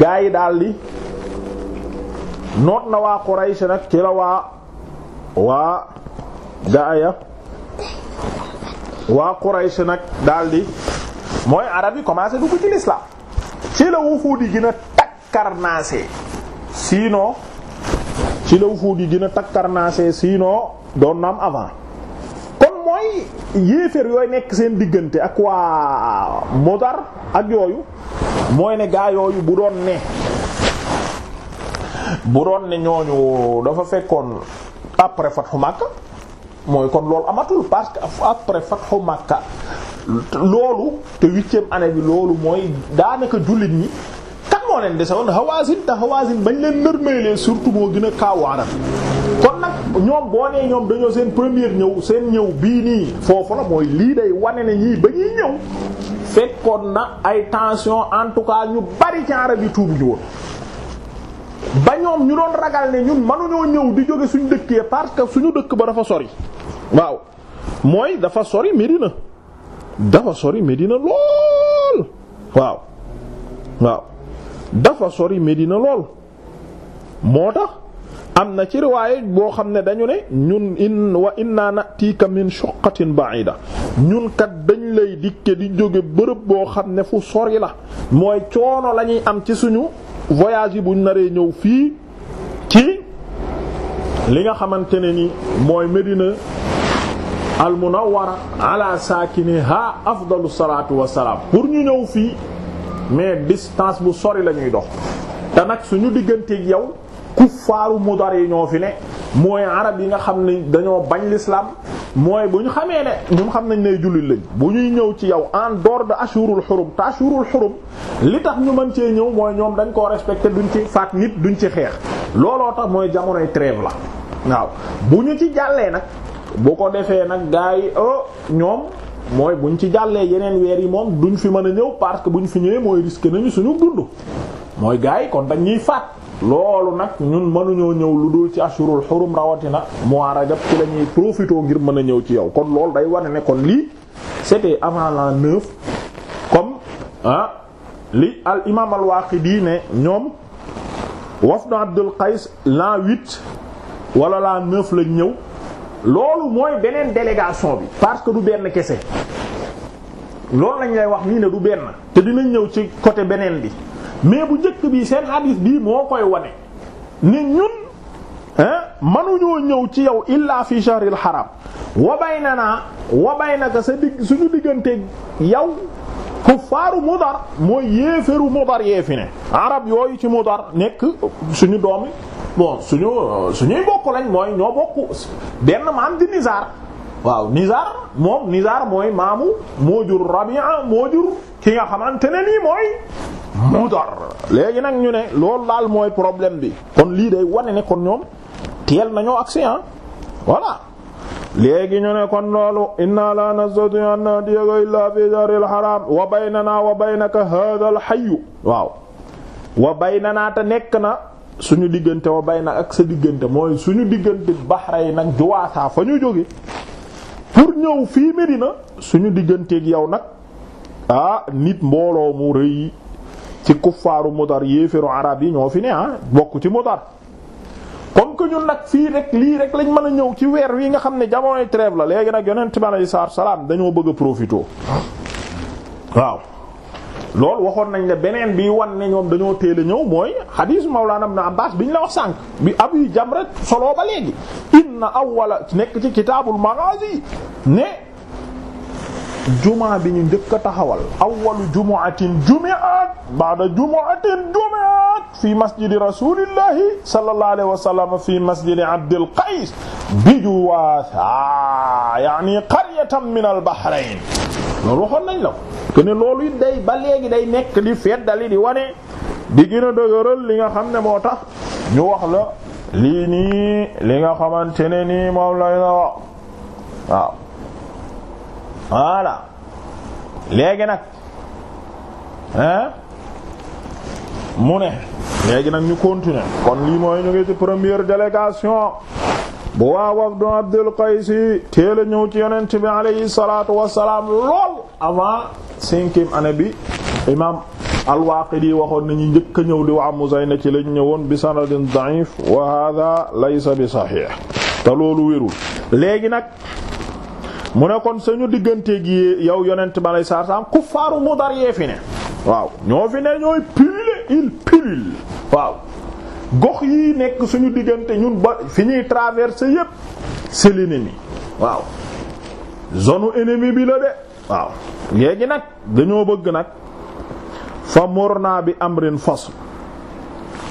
gaa yi daldi noot na waa Quraysh nag ci la waa waa gaa waa Quraysh nag daldi mooy arab yi commencé dugg ci l'islam ci la wufuud yi gën a takkarnaase sinon ci la wufuud yi gën takkarnaase sinon doon na avant yéeféer yooy nekk seen diggante ak waa Mudar ak yooyu mooy ne gaa yooyu bu doon ne bu doon ne ñooñu dafa fekkoon après fatxu Makka mooy kon loolu amatul parce que après fatxu Makka loolu te huitième année bi loolu mooy daanaka jullit ñi moo leen dese woon Hawazin te Hawazin bañ leen nërmeelee a kon nag ñoom boo nee dañoo seen première ñëw seen ñëw bii nii foofu la mooy lii day wane ne ñii ba ñuy ñëw na ay tension en tout cas ñu bari ci arab yi ñoom ñu doon ragal ne ñun mënuñoo ñëw di dëkkee parce que suñu dëkk ba dafa sori waaw mooy dafa sori Medina dafa sori Medina lool waaw waaw dafa sori Medina lool moo tax am na ci riwaaye boo xam ne dañu ne ñun in wa inna natika min shuqqatin ba'ida ñun kat dañ lay dikke di jóge bërëb boo xam ne fu sori la mooy coono lañuy am ci suñu voyage yi buñ naree ñëw fii ci li nga xamante ne ni mooy Medina al munawwara ala saakiniha afdalu salaatu wassalaam pour ñu ñëw fii mais distance bu sori lañuy dox te nag suñu digganteeg yow kuffaaru mudar yi ñoo fi ne mooy arab yi nga xam ne dañoo bañ lislaam mooy bu ñu xamee ne ñoom xam nañ ne jullit lañ bu ñuy ñëw ci yow en dehors de ashurul xurum te ashurul xurum li tax ñu mën cee ñëw mooy ñoom dañ koo respecté duñ ci faat nit duñ ci xeex looloo tax mooy jamonoy trêve la waaw bu ñu ci jàllee nag bu ko defee nag gars yi oh, ñoom mooy buñ ci jàllee yeneen weer yi moom duñ fi mën a ñëw parce que buñ fi ñëwee mooy risque nañu suñu dund mooy gars yi kon dañuy ñuy faat loolu nag ñun mënuñoo ñëw lu dul ci ashurul xurum rawatina mois rajab ci la ñuy profité ngir mën a ñëw ci yow kon loolu day war ne kon lii c'était avant l'an neuf comme ah li al imam al Waaqidi ne ñoom wafdu Abdul Qays l'an huit wala l'an neuf lañ ñëw. loolu mooy beneen délégation bi parce que du benn kese loolu lañ lay wax nii ne du benn te dina ñëw ci côté beneen bi mais bu njëkk bi seen hadith bi moo koy wane ne ñun manuñoo ñëw ci yow illa fi shahril haram na naa wa baynaka sa digg suñu diggante yow kuffaaru Mudar mooy yéeferu Mudar yee fi ne arab yooyu ci Mudar nekk suñu doomi bon suñu suñuy bokk lañ mooy ñoo bokk benn maam di Nizar waaw Nizar moom Nizar mooy maamu moo jur Rabi'a moo ki nga xamante ne nii mooy Mudar léegi nag ñu ne loolu laal mooy problème bi kon lii day wane ne kon ñoom teel nañoo ak ah. voilà léegi ñu ne kon loolu inna la nastati an nahdiyaka illaa fi daril haram wa baynana wa baynaka hadha al hayy waaw wa baynana te nekk na suñu diggante wa bayna ak sa diggante mooy suñu diggante Bahrayn nag juwaasaa fa ñu jóge pour ñëw fii Medina suñu digganteek yow nag ah nit mbooloo mu rëy ci kuffaaru Mudar yéeféru arab yi ñoo fi ne ah bokk ci Mudar comme que ñun nag fii rek lii rek lañ mën a ñëw ci weer wi nga xam ne jamonoy trêve la léegi nag yonent bi alayhi salaatu salaam dañoo bëgg a profiter waaw loolu waxoon nañ ne beneen bi wan ne ñoom dañoo teel a ñëw mooy xadiis Mawlaana Ibn Abbaas biñ la wax sànq bi Abu Jamra soloo ba léegi inna awwala nekk ci kitaabul Maghaazi ne jumaa bi ñu njëkk a taxawal awwalu jumu'atin jumi'at ba'da jumu'atin jumi'at Muhammad fi masjidi rasulillahi sallallahu alayhi wa sallam fi masjidi Abdil Qays bi Juwaasa yaani qaryatan min al-Bahrayn loolu waxoon nañ la ko que day ba léegi day nekk di feddali di wane di gën a li nga xam ne moo tax ñu wax la li nga xamante ne nii moom lay la léegi nag mu ne léegi nag ñu continuer kon lii mooy ñu ngi ci première délégation bu waa wafdu Abdul Qays teel a ñëw ci yonent bi alayhi salaatu wassalaam lool avant cinquième année bi imam al-Waaqidi waxoon nañu njëkk a ñëw di waa na ci lañ ñëwoon bi sanadin da'if wa hadha laysa bi sahih te loolu wérul léegi nag mu ne kon suñu diggante gi yow yonent bi alayhi salaatu wassalaam kuffaaru Mudar yee fi ne waaw ñoo fi ne ñooy pulluler il pullule waaw gox yi nekk suñu diggante ñun ba fi ñuy traverser yépp c'est l'ennemi waaw zone ennemi bi la de waaw léegi nag dañoo bëgg nag fa morna bi amrin fasl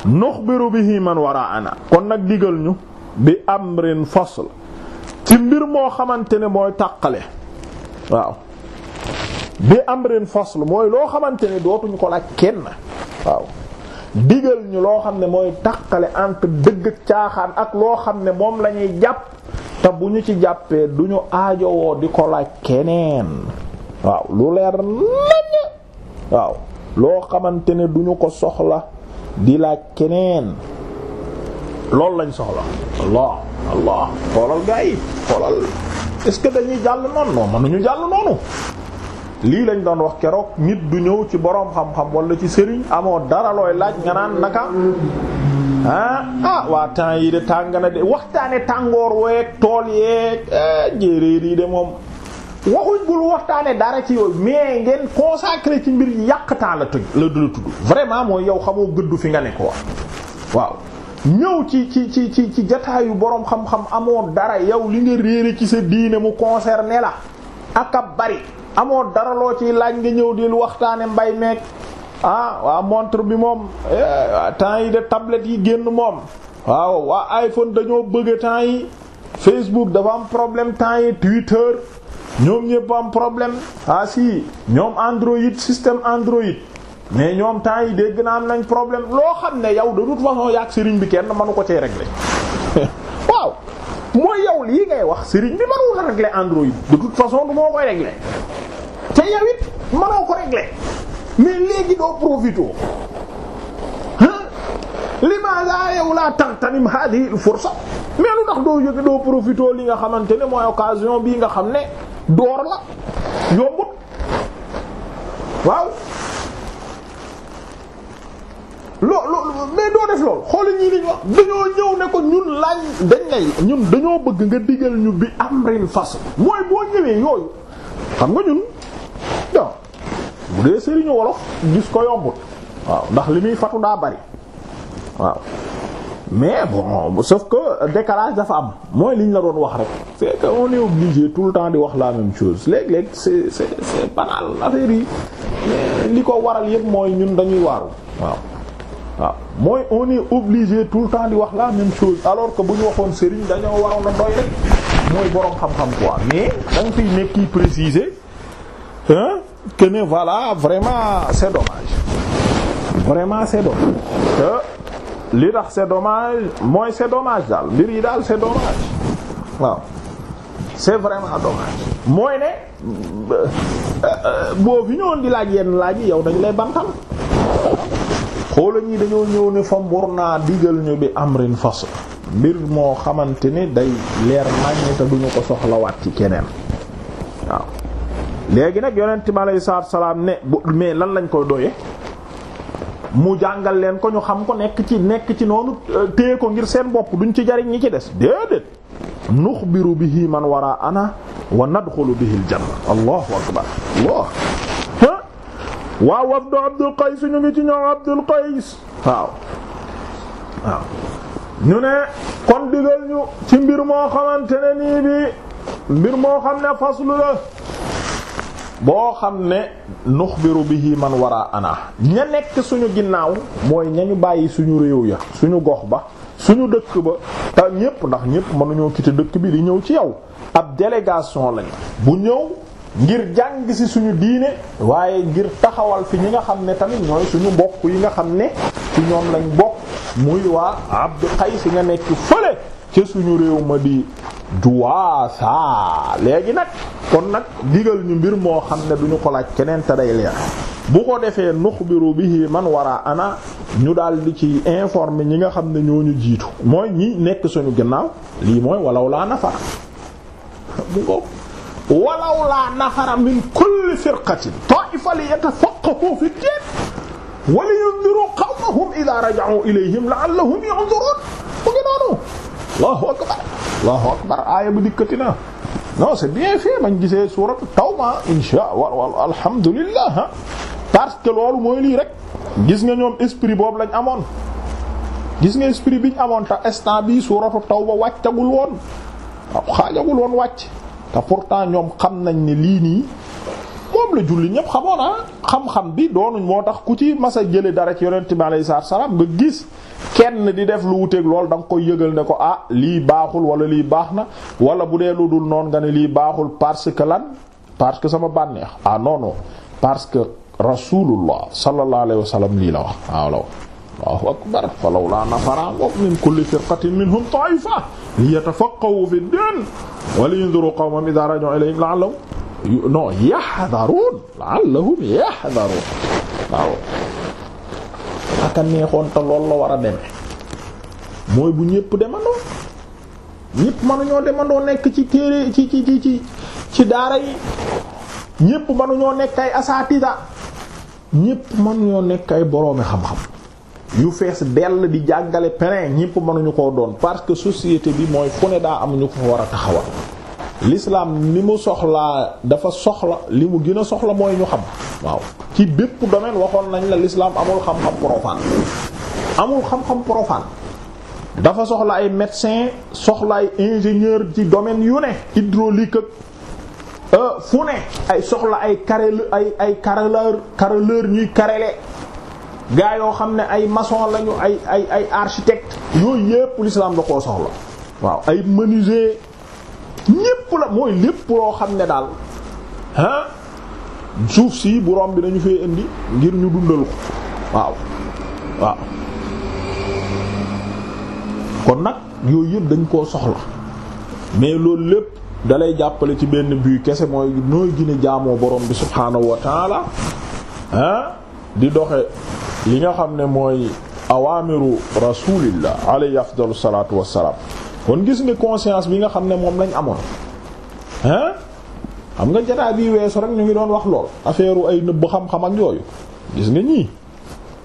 bi bihi man waraana kon nag digal ñu bi amrin fasl ci mbir moo xamante ne mooy tàqale waaw bi amrin fasl mooy loo xamante ne dootuñu ko laaj kenn waaw digal ñu loo xam ne mooy taqale entre dëgg ak caaxaan ak loo xam ne moom lañuy ñuy jàpp te bu ñu ci jàppee du ñu aajowoo di ko laaj keneen waaw lu leer nañ waaw loo xamante ne du ñu ko soxla di laaj keneen loolu lañ soxla allah allah xoolal gaa yi xoolal est-ce que dañuy jàll noonu non mënuñu jàll noonu lii lañ doon wax keroog nit du ñëw ci boroom xam-xam wala ci sëriñ amoon dara looy laaj nga naan naka ah, ah waa temps yi de tàng na de waxtaane tàngoor week tool yeeg eh, jéeréer yi de moom waxuñ bul waxtaane dara ci yooyu mais ngeen consacré ci mbir yàq temps la tëj la du la tudd vraiment mooy yow xamoo gëddu fi nga ne ko waaw ñëw ci ci ci ci ci jataayu boroom xam-xam amoo dara yow li nga réere ci sa diine mu conserne la ak bari amoo dara loo ci laaj nga ñëw di waxtaane mbay meeg ah waa montre bi moom eh, temps yi de tablette yi génn moom waaw waa iPhone dañoo bëgg temps yi Facebook dafa am problème temps yi Twitter ñoom ñëpp am problème ah si ñoom Android système Android mais ñoom temps yi dégg naa am nañ problème loo xam ne yow de toute façon yaag sëriñ bi kenn mënu ko cee régler waaw mooy yow lii ngay wax sëriñ bi mënu la régler Android de toute façon du moo koy régler te yow it ko régler mais léegi doo profité limaada yow laa tartanim hadihi al fursa lu tax doo yëg doo profité li nga xamante ne mooy occasion bii nga xam ne door la yombut waaw loo loo mais doo def lool xooli ñii wax dañoo ñëw ne ko ñun lañ dañ lay ñun dañoo bëgg nga digal ñu bi amril fas mooy boo ñëwee yooyu xam nga ñun donc bu dee sëriñu wolof gis ko yombut waaw ndax li muy fatu daa bari waaw mais bon sauf que décalage dafa am mooy liñ la doon wax rek c'est que on est tout le temps di wax la même chose léeg-léeg c'est c'est c'est banal yi li ko waral yëpp mooy ñun dañuy waaru waaw waaw mooy on est obligé tout le temps di wax la même chose alors ko bu ñu waxoon sëriñ dañoo waroon a doy rek mooy boroom xam-xam quoi mais da nga fiy nekk kii préciser que ne voilà vraiment c'est dommage vraiment c'est dommage li tax c'est dommage mooy c'est dommage daal mbir yi daal c'est dommage waaw c'est vraiment dommage mooy ne euh, euh, boo fi ñëwoon di laaj yenn laaj yi yow dañ lay bantal xoola ñi dañoo ñëw ne fa mbur naa ñu bi amrin fas mbir moo xamante ni day leer nañ te duñu ko soxlawaat ci keneen léegi nag yonent mi aleyhi salaam ne bu mais lan lañ koy doye mu jàngal leen ko ñu xam ko nekk ci nekk ci noonu euh, téye ko ngir seen bopp duñ ci jariñ ñi ci des déedéet nuxbiru bihi man wara ana wa nadxulu bihi aljanna allahu akbar allah waaw wafdu abdul qays ñu ngi ci ñoom abdul qays waaw waaw ñu ne kon digal ñu ci mbir moo xamante ne nii bi mbir moo xam ne faslu la boo xam ne nuxbiru bihi man wara anaa ña nekk suñu ginnaaw mooy ñañu bàyyi suñu réew ya suñu gox ba suñu dëkk ba te ñépp ndax ñépp mënuñoo quitter dëkk bi di ñëw ci yow ab délégation lañ bu ñëw ngir jàng si suñu diine waaye ngir taxawal fi ñi nga xam ne tamit ñooy suñu mbokk yi nga xam ne ci ñoom lañu bokk muy waa Abdu Qays nga nekk fële ci suñu réew ma di duwaasa léegi nag kon nag digal ñu mbir moo xam ne duñu ko laaj keneen te day leer bu ko defee nuxbiru bihi man wara ana ñu daal di ci informer ñi nga xam ne ñoo ñu jiitu mooy ñi nekk suñu gannaaw lii mooy walaw laa nafar bu walaw laa nafara min kulli firqatin ta'ifa li yatafaqqahu fi din wa li yunziru qawmahum idha raja'u ilayhim la'allahum yanzurun mu ngi noonu Allahu akbar Allahu akbar aaya bu dikkati bien fait bañ gisee suuratu tawba insha Allah alhamdulillah parce que loolu mooy lii rek gis nga ñoom esprit boobu lañ amoon gis nga esprit biñ amoon te instant bii suuratu tawba wàccagul woon waaw xaajagul woon wàcc te pourtant ñoom xam nañ ne lii nii moom la julli ñëpp xamoon ah xam-xam bi doonuñ moo tax ku ci mas a jële dara ci yonent bi alayhi salaam nga gis kenn di def lu wuteeg lool da nga koy yëgal ne ko ah lii baaxul wala lii baax na wala bu dee lu dul noon nga ne lii baaxul parce que lan parce que sama bànneex ah non parce que rasulullah sallallahu alayhi wa sallam lii la wax waaw la wax Allahu akbar falawlaa nafara min kulli firqatin minhum taa'ifa liyatafaqqahu fi ddin wa liyunziru qawmahum idhaa raja'u ilayhim la'allahum non yaxdaruun la'allahum yaxdaruun waaw aka neexoon te la war a deme mooy bu ñépp demandoo ñépp mënuñoo demandoo nekk ci téere ci ci ci ci ci daara yi ñépp mënuñoo nekk ay asaatida ñépp mënuñoo nekk ay boroomi xam-xam yu fees dell di jàngale prin ñépp mënuñu ko doon parce que société bi mooy fu ne daa am ñu ko war a taxawal l'islam ni mu soxlaa dafa soxla li mu gën a soxla mooy ñu xam waaw ci bépp domaine waxoon nañ la l'islam amul xam-xam profane amul xam-xam profane dafa soxla ay médecin soxla ay ingénieur ci domaine yu ne hydraulique ak euh, fu ne ay soxla ay carreleur ay ay carreleur carreleur ñuy carreler gaa yoo xam ne ay mason lañu ay ay ay architecte yooyu yépp l'islam da koo soxla waaw ay menuisier ñépp la mooy lépp loo xam ne daal ah suuf si borom bi dañu fee indi ngir ñu dundal ko waaw waaw kon nag yooyu yëpp dañ koo soxla mais loolu lépp dalay jàppale ci benn buy kese mooy nooy gën a jaamoo borom bi subhaanahu wa taala ah di doxe li nga xam ne mooy awaamiru rasulillah alayhi afdalu salatu wassalaam kon gis nga conscience bi nga xam ne moom lañ amoon hein xam nga jotaay bii weesu rek ñu ngi doon wax lool affaire ay nëbb xam-xam ak yooyu gis nga ñii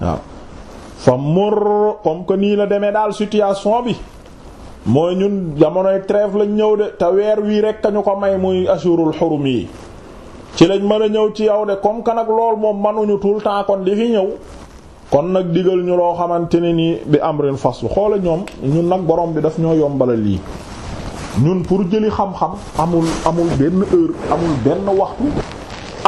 waaw fa mor comme que nii la demee daal situation bi mooy ñun jamonoy trêve lañ ñëw de te weer wii rek ka ñu ko may muy assurul xurum yi ci lañ mën a ñëw ci yow de comme que nag lool moom mënuñu tout le temps kon di fi ñëw kon nag digal ñu loo xamante ne nii bi amrin faslu xoole ñoom ñun nag boroom bi daf ñoo yombalal lii ñun pour jëli xam-xam amul amul benn heure amul benn waxtu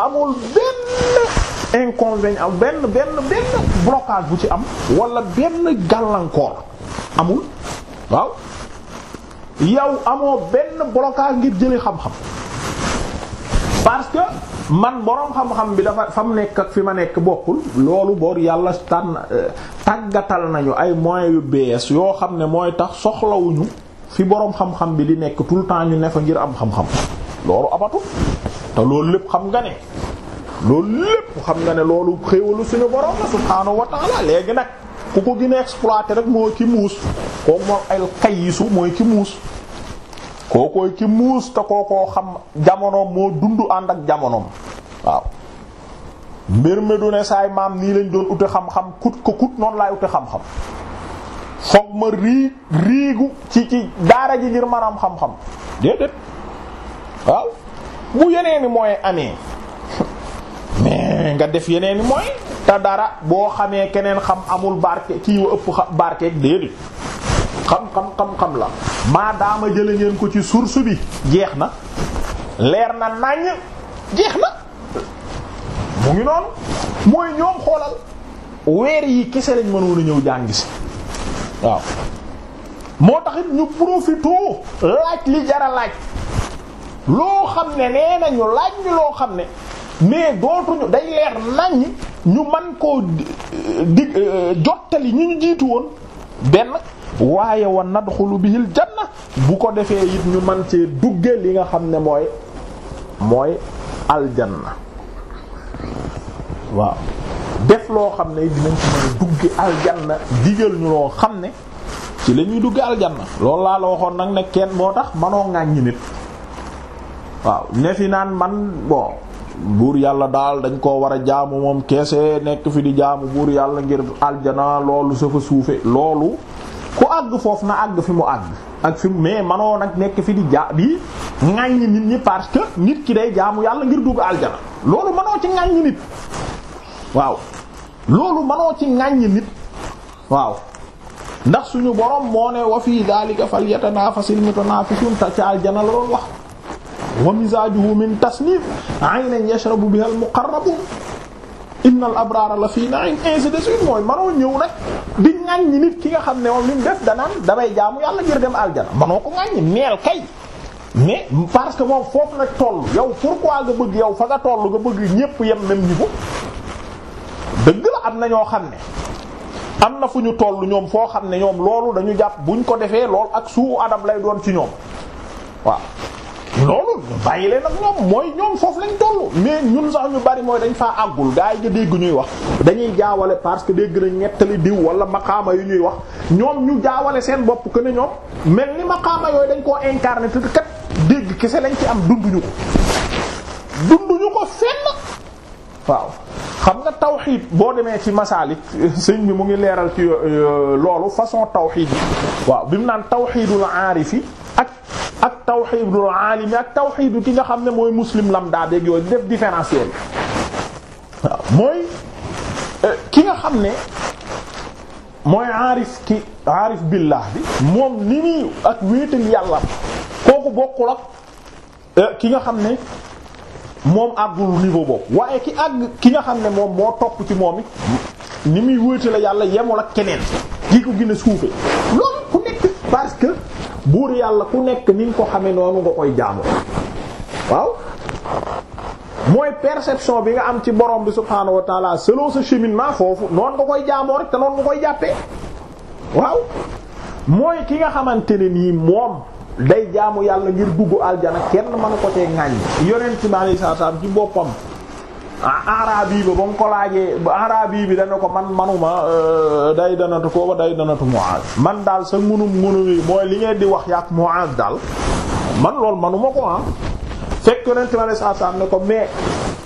amul benn inconvénient benn benn benn bu ci am wala benn gàllankoor amul waaw yow amoo benn blocage ngir jëli xam-xam parce man boroom xam-xam bi dafa fa mu nekk ak fi ma nekk bokkul loolu boor yàlla tànn eh, tàggatal nañu ay moyens yu bees yoo xam ne mooy tax soxlawuñu fi boroom xam-xam bi di nekk tout le temps ñu ne fa ngir am xam-xam loolu abatu te loolu lépp xam nga ne loolu lépp xam nga ne loolu xéewalu suñu borom la subhaanahu wa léegi nag ku ko gën a rek moo ki muus kooku moom ay kayisu mooy ki muus kookooy ki muus te kookoo xam jamonoom moo dund ànd ak jamonoom waaw mbir mi du ne saay maam nii lañ doon ute xam-xam kut ko kut noonu laay ute xam-xam foog ma rii riigu ci ci daara ji ngir maanaam xam-xam déedéet waaw bu yeneeni mooy amee mais nga def yeneeni mooy te dara boo xamee keneen xam amul barke kii wa ëpp barkeeg déedéet xam-xam xam-xam la maadaama jële ngeen ko ci source bi jeex na leer na naññ jeex na mu ngi noonu mooy ñoom xoolal weer yi kese lañ mënoon a ñëw jàng si waaw moo taxit ñu profitoo laaj li jara laaj loo xam ne nee nañu laaj loo xam ne mais dootuñu day leer nañ ñu man koo di eh, jottali ñu ñu jiitu woon benn waaye wan wa nadxulu bihil janna bu ko defee it ñu man ci dugge li nga xam ne mooy mooy aljanna waaw def loo xam ne dinañ ci mën a dugge aljanna digal xam ne ci la ñuy dugge aljanna loolu laa la waxoon nag ne kenn moo tax manoo ŋàññi nit waaw ne fi naan man bon buur yàlla daal dañ koo war a jaamu moom keese nekk fi di jaamu buur yàlla ngir aljana loolu sa suufe loolu ku àgg foofu na àgg fi mu àgg ak fi mu mais manoo nag nekk fi di ja di ŋàññi nit ñi parce que nit ki day jaamu yàlla ngir dugg aljana loolu manoo ci ŋàññi nit waaw loolu manoo ci ŋàññi nit waaw ndax suñu borom moo ne wa fii daalika falyatanafasil mutanafisun ta ci aljana la doon wax wa mizaajuhu min tasnim aynan yashrabu biha al muqarrabun innal abraara la fii na'im ainsi de suite mooy manoo ñëw nag di ŋàññi nit ki nga xam ne moom li mu def danaan damay jaamu yàlla ngir dem aljana manoo ko ŋàññi meel kay mais parce que moom foofu nag toll yow pourquoi nga bëgg yow fa nga toll nga bëgg ñépp yem même niveau dëgg la am na ñoo xam ne am na fu ñu toll ñoom foo xam ne ñoom loolu dañu jàpp bu buñ ko defee loolu ak suu adab lay doon ci ñoom waaw loolu bàyyi leen ak ñoom mooy ñoom foofu lañ toll mais ñun sax ñu bari mooy dañ faa àggul gaa yi nga dégg ñuy wax dañuy jaawale parce que dégg nañ ñettali diw wala maqaama yu ñuy wax ñoom ñu jaawale seen bopp que ne ñoom mel ni maqaama yooyu dañ koo incarné te kat dégg kese lañ ci am dunduñu ko dunduñu ko fenn waaw xam nga tawxiid boo demee ci masaalik sëñ bi mu ngi leeral ci euh, loolu façon tawxiid yi waaw bi mu naan tawxiidul aarifi ak tawxiidul aalimi ak tawxiidu ki nga xam ne mooy muslim lambda beeg yooyu def différence yooyu mooy euh, ki nga xam ne mooy aarif ki aarif billah bi moom ni muy ak wéetal yàlla kooku bokkul ak euh, ki nga xam ne moom àggul niveau boobu waaye ki àgg ki nga xam ne moom moo topp ci moom it ni muy wéetale yàlla yemul ak keneen ki ko gën suufee loolu ku nekk parce que. buur yàlla ku nekk ni ko xamee noonu nga koy jaamu waaw mooy perception bi nga am ci borom bi subhaanahu wa taala selon sa cheminement foofu noonu nga koy jaamoo rek te noonu nga koy jàppee waaw mooy ki nga xamante ne nii moom day jaamu yàlla ngir dugg aljana kenn mënu ko tee ŋàññ yonent bi alayhi salaam ci boppam Ah, arabi ba ba mu ko laajee arabi bi dana ko man manuma euh, day danatu ko ba day danatu Muaz man daal sa munum munum mooy li ngeen di wax yaak Muaz daal man loolu manuma ko ah fekk yonent ma saa saa ne ko mais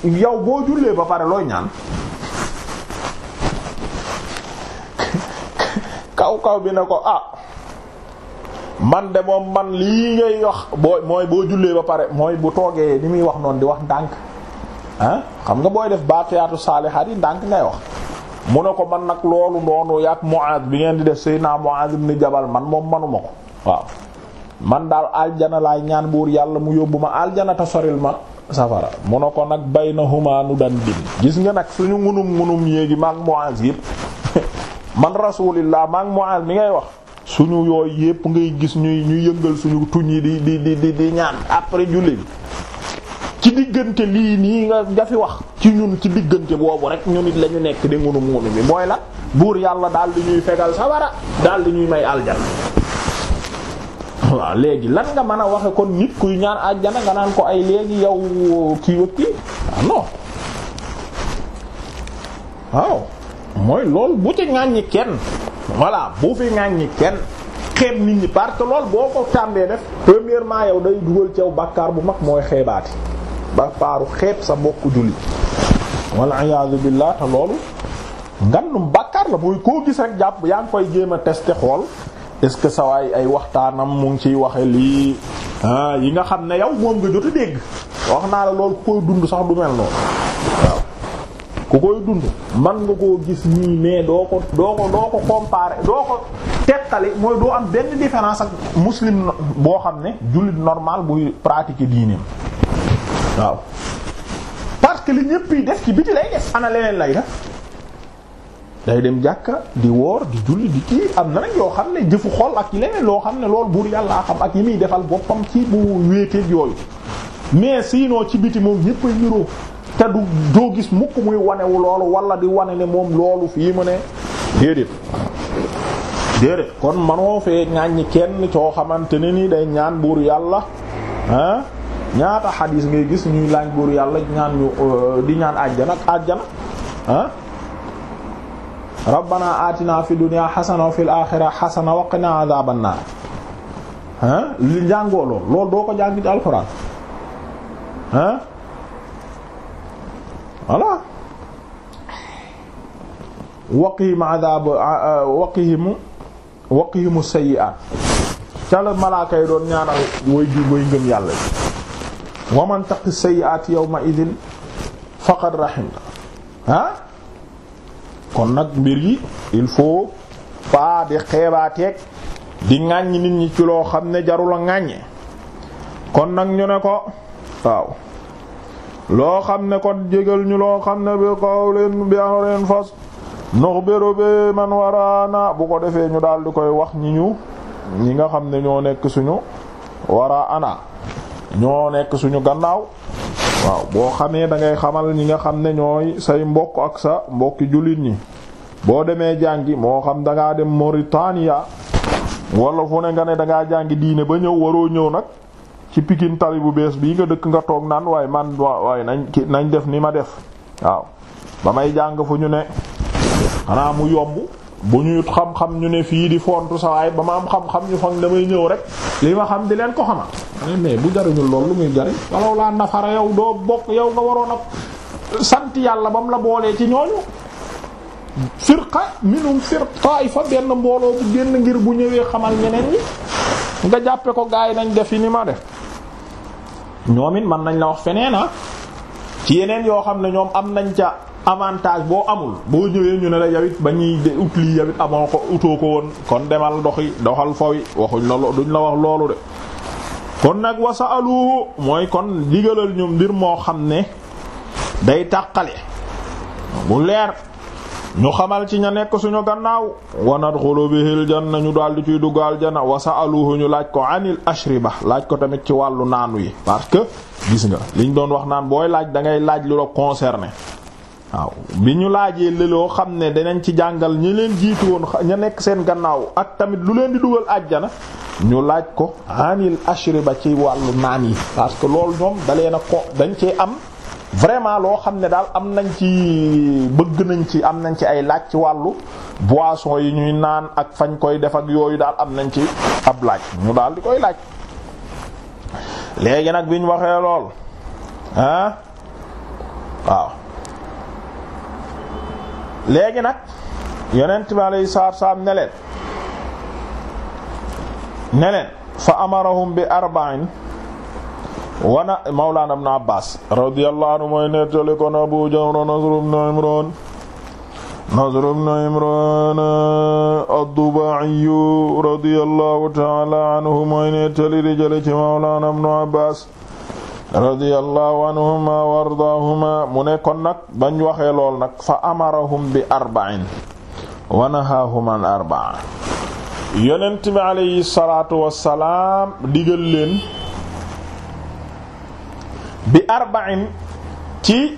yow boo jullee ba pare looy ñaan kaw kaw bi ne ko ah man de moom man li ngay wax boo mooy boo jullee ba pare mooy bu toogee ni muy wax noonu di wax ndànk xam nga booy def baqiyaatu saalihaat yi ndànk ngay wax mu ne ko man nag loolu noonu yaak Muaaz bi ngeen di def Seydina Muaaz ibn Jabal man moom manuma ko waaw man daal aljana laay ñaan buur yàlla mu yóbbu ma aljana ta soril ma safara mu ne ko nag bay na humaanu dan din gis nga nag suñu ngunum ngunum yéegi maak Muaaz yëpp man rasulillah maak Muaaz mi ngay wax suñu yooyu yëpp ngay gis ñuy ñu yëngal suñu tuñ yi di di di ñaan après julli bi ci diggante lii nii nga nga wax ci ñun ci diggante boobu rek ñun it lañu nekk di ngunu muunu mooy la buur yàlla daal ñuy fegal sawara daal ñuy may aljana waaw léegi lan nga mën a waxe kon nit kuy ñaan aljana nga naan ko ay léegi yow kii wëg kii ah, waaw mooy lool bu ci ŋàññi kenn voilà bu fi ŋàññi kenn xeeb nit ñi parce que lool boo ko tàmbee def premièrement yow day dugal ci bàkkaar bu mag mooy xeebaati ba paaru xeet sa mbokk jullit walla iyaazu billaah te loolu ngandum bàkkaar la mooy koo gis rek jàpp yaa ngi koy jéem a tester xool est-ce que sa waay ay waxtaanam mu ngi ciy waxe lii ah yi nga xam ne yow moom nga jot a dégg wax naa la lool ku koy dund sax du mel noonu waaw ku koy dund man nga koo gis nii mais doo ko doo ko doo ko comparer doo ko teqali mooy doo am benn différence ak muslim boo xam ne jullit normal buy pratiquer diineem waaw parce que li ñëpp yi def ci biti lay def ana leneen lay def day dem jàkka di woor di julli di kii am na nag yoo xam ne jëfu xol ak leneen loo xam ne loolu buur yàllaa xam ak yi muy defal boppam ci bu wéeteeg yooyu mais sinon ci biti moom ñëpp niroo te du doo gis mukk muy wanewu loolu wala di wane ne moom loolu fii mu ne déedéet déedéet kon manoo fee ñaañ kenn coo xamante ne ni day ñaan buur yàlla ah ñaata xadiis ngay gis ñuy laaj buur yàlla ñaan ñu euh, di ñaan àjjana ak àjjana ah? rabbana atina fi dunya xasana wa fil axira xasana wa qina ah? li njàngoo lool loolu doo ko jàng ci alxuraan ah voilà waqihimu sayyi'at ca la malaaka yi doon ñaanal way ji way ngëm yàlla wa man taqi sayyi'ati yawma idin faqad rahimta kon nag mbir yi il faut pas di xeebaateeg di ŋàññ nit ñi ci loo xam ne jarul a kon nag ñu ne ko waaw loo xam ne kon jégal ñu loo xam ne bi qawlin bi amrin fas nuxbiru bi man waraana bu ko defee ñu daal di koy wax ñi ñu ñi nga xam ne ñoo nekk suñu waraana ñoo nekk suñu gannaaw waaw boo xamee da ngay xamal ni nga xam ne ñooy say mbokk ak sa mbokki jullit ñi boo demee jàngi moo xam da ngaa dem Mauritania wala fu ne nga ne dangaa ngaa jàngi diine ba ñëw waroo ñëw nag ci pikin tali bu bees bii nga dëkk nga toog naan waaye man waaye nañ nañ def ni ma def waaw ba may jàng fu ñu ne xanaa mu yomb. bu ñuy xam-xam ñu ne fii di fontu sa waay ba ma am xam-xam ñu foog damay ñëw rek li ma xam di leen ko xama mais bu jariñul lool lu muy jariñ walaw laa nafara yow doo bokk yow nga waroon a sant yàlla ba mu la boolee ci ñooñu firqa minum fir taifa benn mbooloo bu génn ngir bu ñëwee xamal ñeneen ñi nga jàppe ko gaay nañ def yi ni ma def ñoom it man nañ la wax feneen ah. ci yeneen yoo xam ne ñoom am nañ ca avantage boo amul boo ñëwee ñu ne la yow ba ñuy de ut amoon ko utoo ko woon kon demal doxi doxal faw yi waxuñ la duñ la wax loolu de kon nag wasa aluhu mooy kon digalal ñu mbir moo xam ne day tàqale bu leer ñu xamal ci ña nekk suñu gannaaw wanat xulu bi janna ñu daal di ciy dugg aljana wasa aluhu ñu laaj ko anil ba laaj ko tamit ci wàllu naanu yi parce que gis nga liñ doon wax naan booy laaj da ngay laaj lu la concerné waaw bi ñu laajee lëloo xam ne danañ ci jàngal ñi leen jiitu woon ña nekk seen gannaaw ak tamit lu leen di dugal àjjana ñu laaj ko anil ashriba ci wàllu naan yi parce que loolu ñoom dalee na ko dañ cee am vraiment loo xam ne daal am nañ ci bëgg nañ ci am nañ ci ay laaj ci wàllu boisson yi ñuy naan ak fañ koy def ak yooyu daal am nañ ci ab laaj ñu daal di koy laaj léegi nag bi ñu waxee lool ah waaw léegi nag yonent bi alayhi salaatu salaam ne leen ne leen fa amarahum bi arba'in wana mawlaana ibn Abbaas radiyallahu anhu mooy nettali kon Abu Jamra Nasr ibn Imraan Nasr ibn Imraan ad-Duba'i radiyallahu ta'ala anhu mooy nettali di jële ci mawlaana ibn Abbaas radiyallahu anhuma wa ardaahuma mu ne kon nag bañ waxee lool nag fa amarahum bi arba'in wa nahaahum an arba'a yonent bi alayhi salaatu wassalaam digal leen bi arba'in ci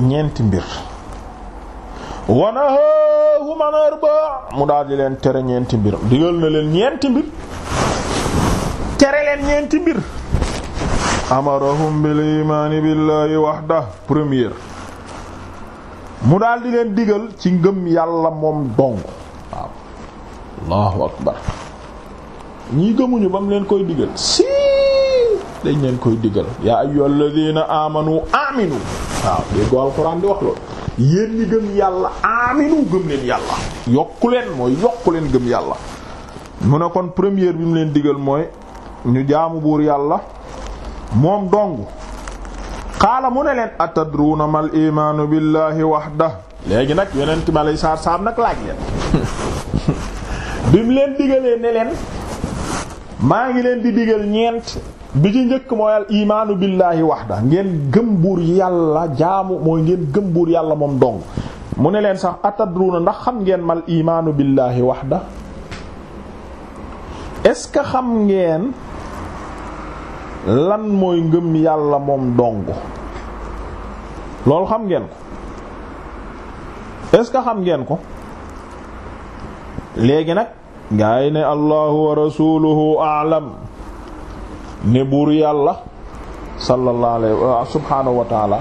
ñeenti mbir wa nahaahum an arba'a mu daal leen tere ñeenti mbir digal na leen leen ñeenti mbir amarahum bil imaani billahi da première mu daal di leen digal ci ngëm yàlla moom dong waaw allahu akbar ñii gëmuñu ba mu leen koy digal si dañ leen koy digal yaa ayyuhal ladina amanu aminu waaw déggoo alxuraan di wax loolu yéen ñi gëm yàlla aminu gëm leen yàlla yokku leen mooy yokku leen gëm yàlla mu ne kon première bi mu leen digal mooy ñu jaamu buur yàlla moom dong xaala mu ne leen atadruuna mal imaanu wax da léegi nag yonent ma lay saar saam nag laaj leen bim leen digalee ne leen maa ngi leen di digal ñeent bi ci njëkk mooy al imaanu billahi wahda ngeen gëm buur yàlla jaamu mooy ngeen gëm buur yàlla moom dong mu ne leen sax atadruuna ndax xam ngeen mal imaanu billahi wax est-ce que xam ngeen lan mooy ngëm yàlla moom dong lool xam ngeen ko est-ce que xam ngeen ko léegi nag gaa yi ne allahu wa rasuluhu aalam ne buur yàlla sallallahu alayhi wa subhanahu wa taala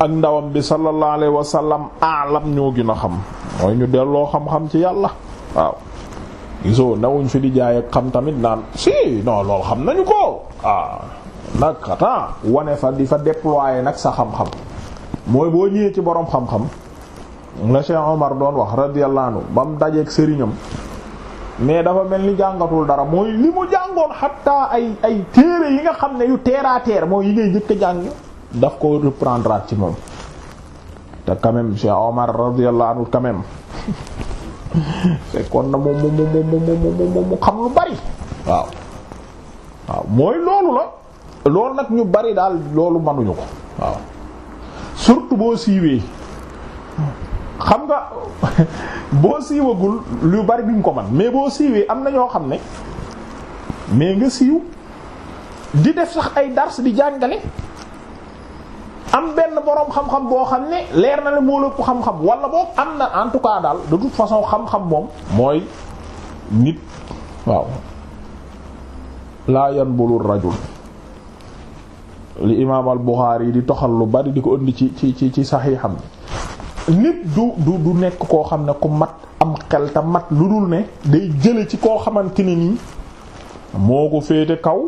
ak ndawam bi sallallahu alayhi wa sallam aalam ñoo gën a xam mooy ñu delloo xam-xam ci yàlla waaw gisoo nawuñ fi di jaay ak xam tamit naan si non loolu xam nañu ko ah nag xataa wane fa di fa déployer nag sa xam-xam mooy boo ñëwee ci borom xam-xam la Cheikh Omar doon wax radiyallahu anhu ba mu dajeeg sëriñam mais dafa mel ni jàngatul dara mooy li mu jàngoon xataa ay ay téere yi nga xam ne yu terre à terre mooy yi ngay njëkk jàng daf ko reprendre ci moom te quand même Omar radiyallahu anhu quand fekkoon na mu mu mu mu mu xam lu bari waaw waaw mooy loolu la loolu nag ñu bari daal loolu mënuñu ko waaw surtout boo siiwee xam nga boo siiwagul lu bari duñ ko man mais boo siiwee am na ñoo xam ne mais nga siiw di def sax ay dars di jàngale am benn boroom xam-xam boo xam ne leer na la moo lëpp xam-xam wala boo am na en tout cas daal de toute façon xam-xam moom mooy nit waaw laa yan bulul rajul li imaam al yi di toxal lu bari di ko indi ci ci ci ci saxiixam nit du du du nekk koo xam ne ku mat am xel te mat lu dul ne day jële ci koo xamante ne nii moo ko féete kaw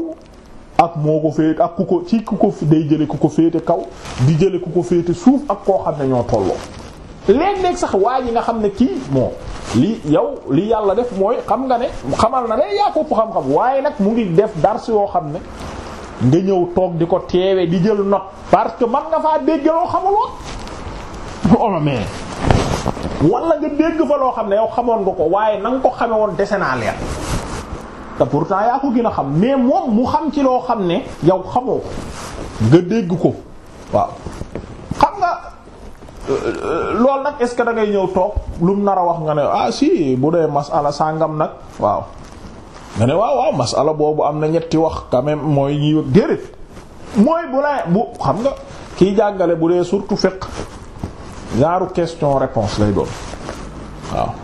ak moo ko féete ak ku ko ci ku ko day jële ku ko féete kaw di jële ku ko féete suuf ak koo xam ne ñoo tolloo léeg-léeg sax waa ji nga xam ne kii moo li yow li yàlla def mooy xam nga ne xamal na ne yaa ko ëpp xam-xam waaye nag mu ngi def dars yoo xam ne nga ñëw toog di ko teewe di jël note parce que man nga faa dégg loo xamuloo olo oh, nga dégg fa loo xam ne yow xamoon nga ko waaye nanga ko xame woon dese naa leer te pourtant yaa ko gën a xam mais moom mu xam ci loo xam ne yow xamoo ko nga dégg ko waaw xam nga euh, loolu nag est ce que da ngay ñëw toog lu mu nar a wax nga ne ah si bu dee masala sàngam nag waaw nga ne waaw waaw masala boobu am na ñetti wax quand mooy ñi déedéet mooy bu la bu xam nga kiy jàngale bu dee surtout fiqh genre question réponse lay doon waaw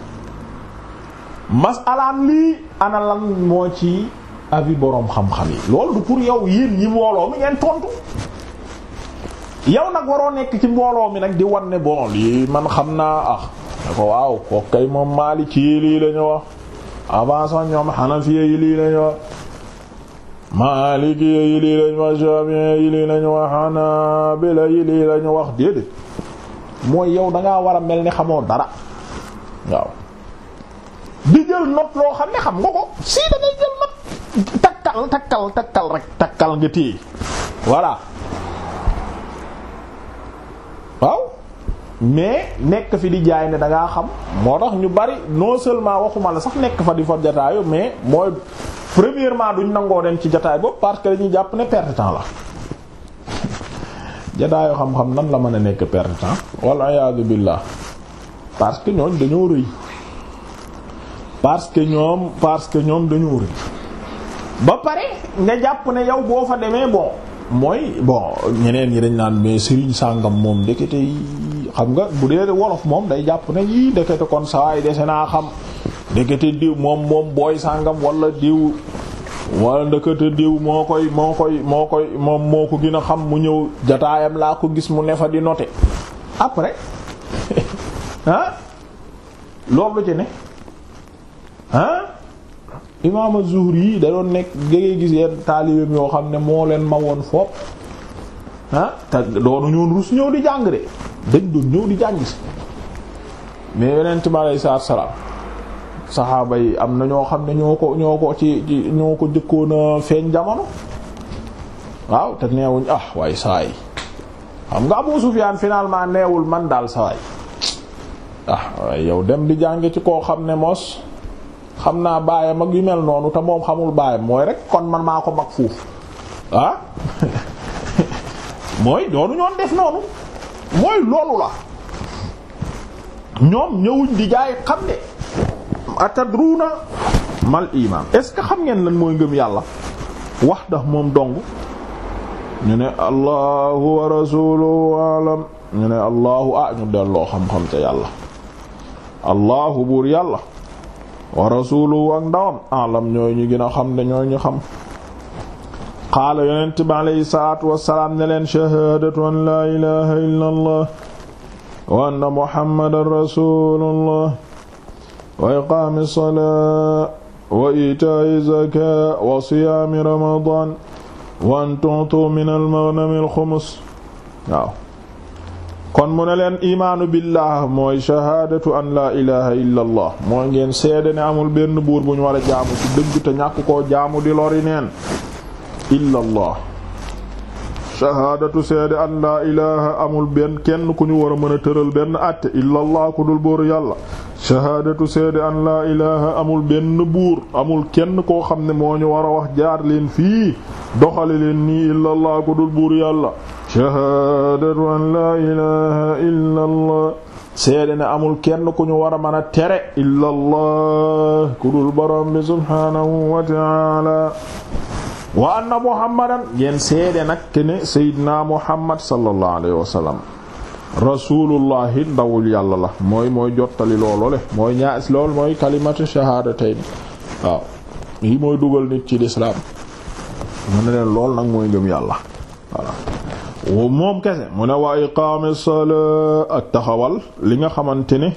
masalaan lii ana lan moo ci avis boroom xam-xam yi loolu du pour yow yéen ñi mbooloo mi ngeen tontu yow nag waroo nekk ci mbooloo mi nag di wan ne bon lii man xam naa ah ne ko waaw ko moom Maliki yi lii lañu wax avançon ñoom Hanafi yi lii lañu wax Maliki yi lii lañu wax Shafi'i mooy yow dangaa war a mel ni xamoo dara waaw jël note loo xam ne xam nga ko si da ngay jël note takkal takkal takkal rek takkal nga téye voilà waaw mais nekk fi di jaay ne da ngaa xam moo tax ñu bari non seulement waxuma la sax nekk fa di fa jataayu mais mooy premièrement duñ nangoo dem ci jataay boobu parce que dañuy jàpp ne perte temps la jataayu xam-xam nan la mën a nekk perte temps wal iyaadu billah parce que ñooñ dañoo rëy parce que ñoom parce que ñoom dañu rëy ba pare nga jàpp ne yow boo fa demee bon mooy bon ñeneen yi dañ naan mais Serigne sàngam moom ndekete yi xam nga bu dee wolof moom day jàpp ne yii ndekete kon saa yi dese naa xam ndekete diw moom moom booy sàngam wala diw wala ndekete diw moo koy moo koy moo koy moom moo ko gën a xam mu ñëw jataayam laa ko gis mu ne fa di noter après ah loolu ci ne. ah imaam Zuhri yi da doon nekk géegee gis taalibeem yoo xam ne moo leen ma woon foop ah te doonu ñoon rus ñëw di jàng de dañ doon ñëw di jàng si mais yeneen mi aleyi salaatu salaam yi am na ñoo xam ne ñoo ko ñoo ko ci ñoo ko jëkkoona feeñ jamono waaw te neewuñ ah waaye saay xam nga Abu Sufyaan finalement neewul man daal saay ah waaye yow dem di jàng ci koo xam ne moos xam naa baayam ak yu mel noonu te moom xamul baayam mooy rek kon man maa ko mag fuuf ah mooy doonu ñoon def noonu mooy loolu la ñoom ñëwuñ di jaay xam ne atadruna mal iman est-ce que xam ngeen lan mooy ngëm yàlla wax dax moom dong ñu ne allahu wa rasuluhu alam ñu ne allahu ah ñu delloo xam-xam ca yàlla allahu buur yàlla wa rasuluhu ak ndawam alam ñooy ñu gën a xam ne ñooy ñu xam qaala yonent bi alayhi salaatu wassalaam ne leen shahaadatu an laa ilaha illa allah wa anna muhammadan rasulullah wa iqaami salaa wa itaa'i zakaa wa siyaami ramadan wa an tu'tuu min al-maghnami al-xumus waaw kon mu ne leen imaanu billah mooy shahaadatu an laa ilaha illa mooy ngeen seede ne amul benn buur bu ñu war a jaamu ci dëgg ñàkk koo jaamu di lori neen illa allah shahaadatu seede an laa ilaha amul benn kenn ku ñu war a mën a tëral benn àtte illa ku dul buur yàlla shahaadatu seede an laa ilaha amul benn buur amul kenn koo xam ne moo ñu war a wax jaar leen fii doxale leen nii illa allah ku dul buur yàlla shahaadatu an seede ne amul kenn ku ñu war a mën tere illa allah ku dul borom subhaanahu wa taala wa anna muhammadan ngeen seede nag ke ne sayyidina muhammad sallallahu alayhi wa sallam yàlla la mooy mooy jottali loolu le mooy ñaas lool mooy kalimatu shahaadatayn waaw lii dugal nit ci lislaam mën leen lool nag mooy ngëm yàlla moom kese mu ne wa iqaami salaa ak taxawal li nga xamante ne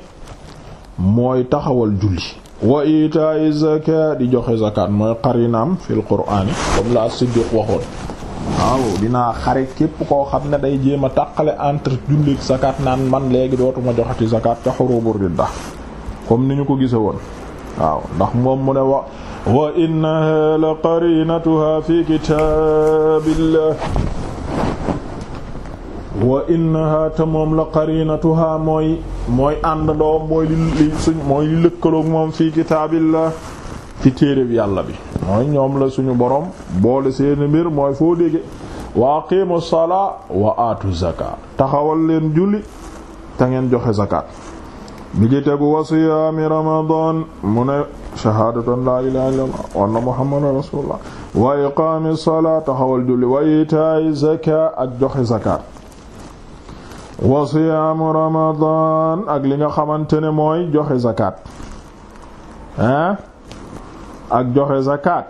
mooy taxawal julli wa itaa'i zakat di joxe zakat mooy qarinaam fil qur'aan comme la Siddiq waxoon waaw dinaa xare képp koo xam ne day jéem a tàqale entre julli zakat naan man léegi dootuma joxati zakat ca xurubur di dax comme ni ñu ko gise woon waaw ndax moom mu ne wa wa innaha la qarinatuha fi kitaabillah wa innaha te moom la qarinatuha mooy mooy àndandoom mooy li li suñ mooy li lëkkaloog moom fii kitaabillah ci téeréb yàlla bi mooy ñoom la suñu borom boole seeni mbir mooy foo dégge wa aqimu salaa wa aatu zakat taxawal leen julli te ngeen joxe zakat bi ci tegu wa siyaami mu ne shahaadatan la ilaha illallah muhammadan rasulullah wa iqaami salaa taxawal julli wa itaa'i zakat ak joxe zakat wa siyaamu ramadan ak li nga xamante ne mooy joxe zakat ah ak joxe zakat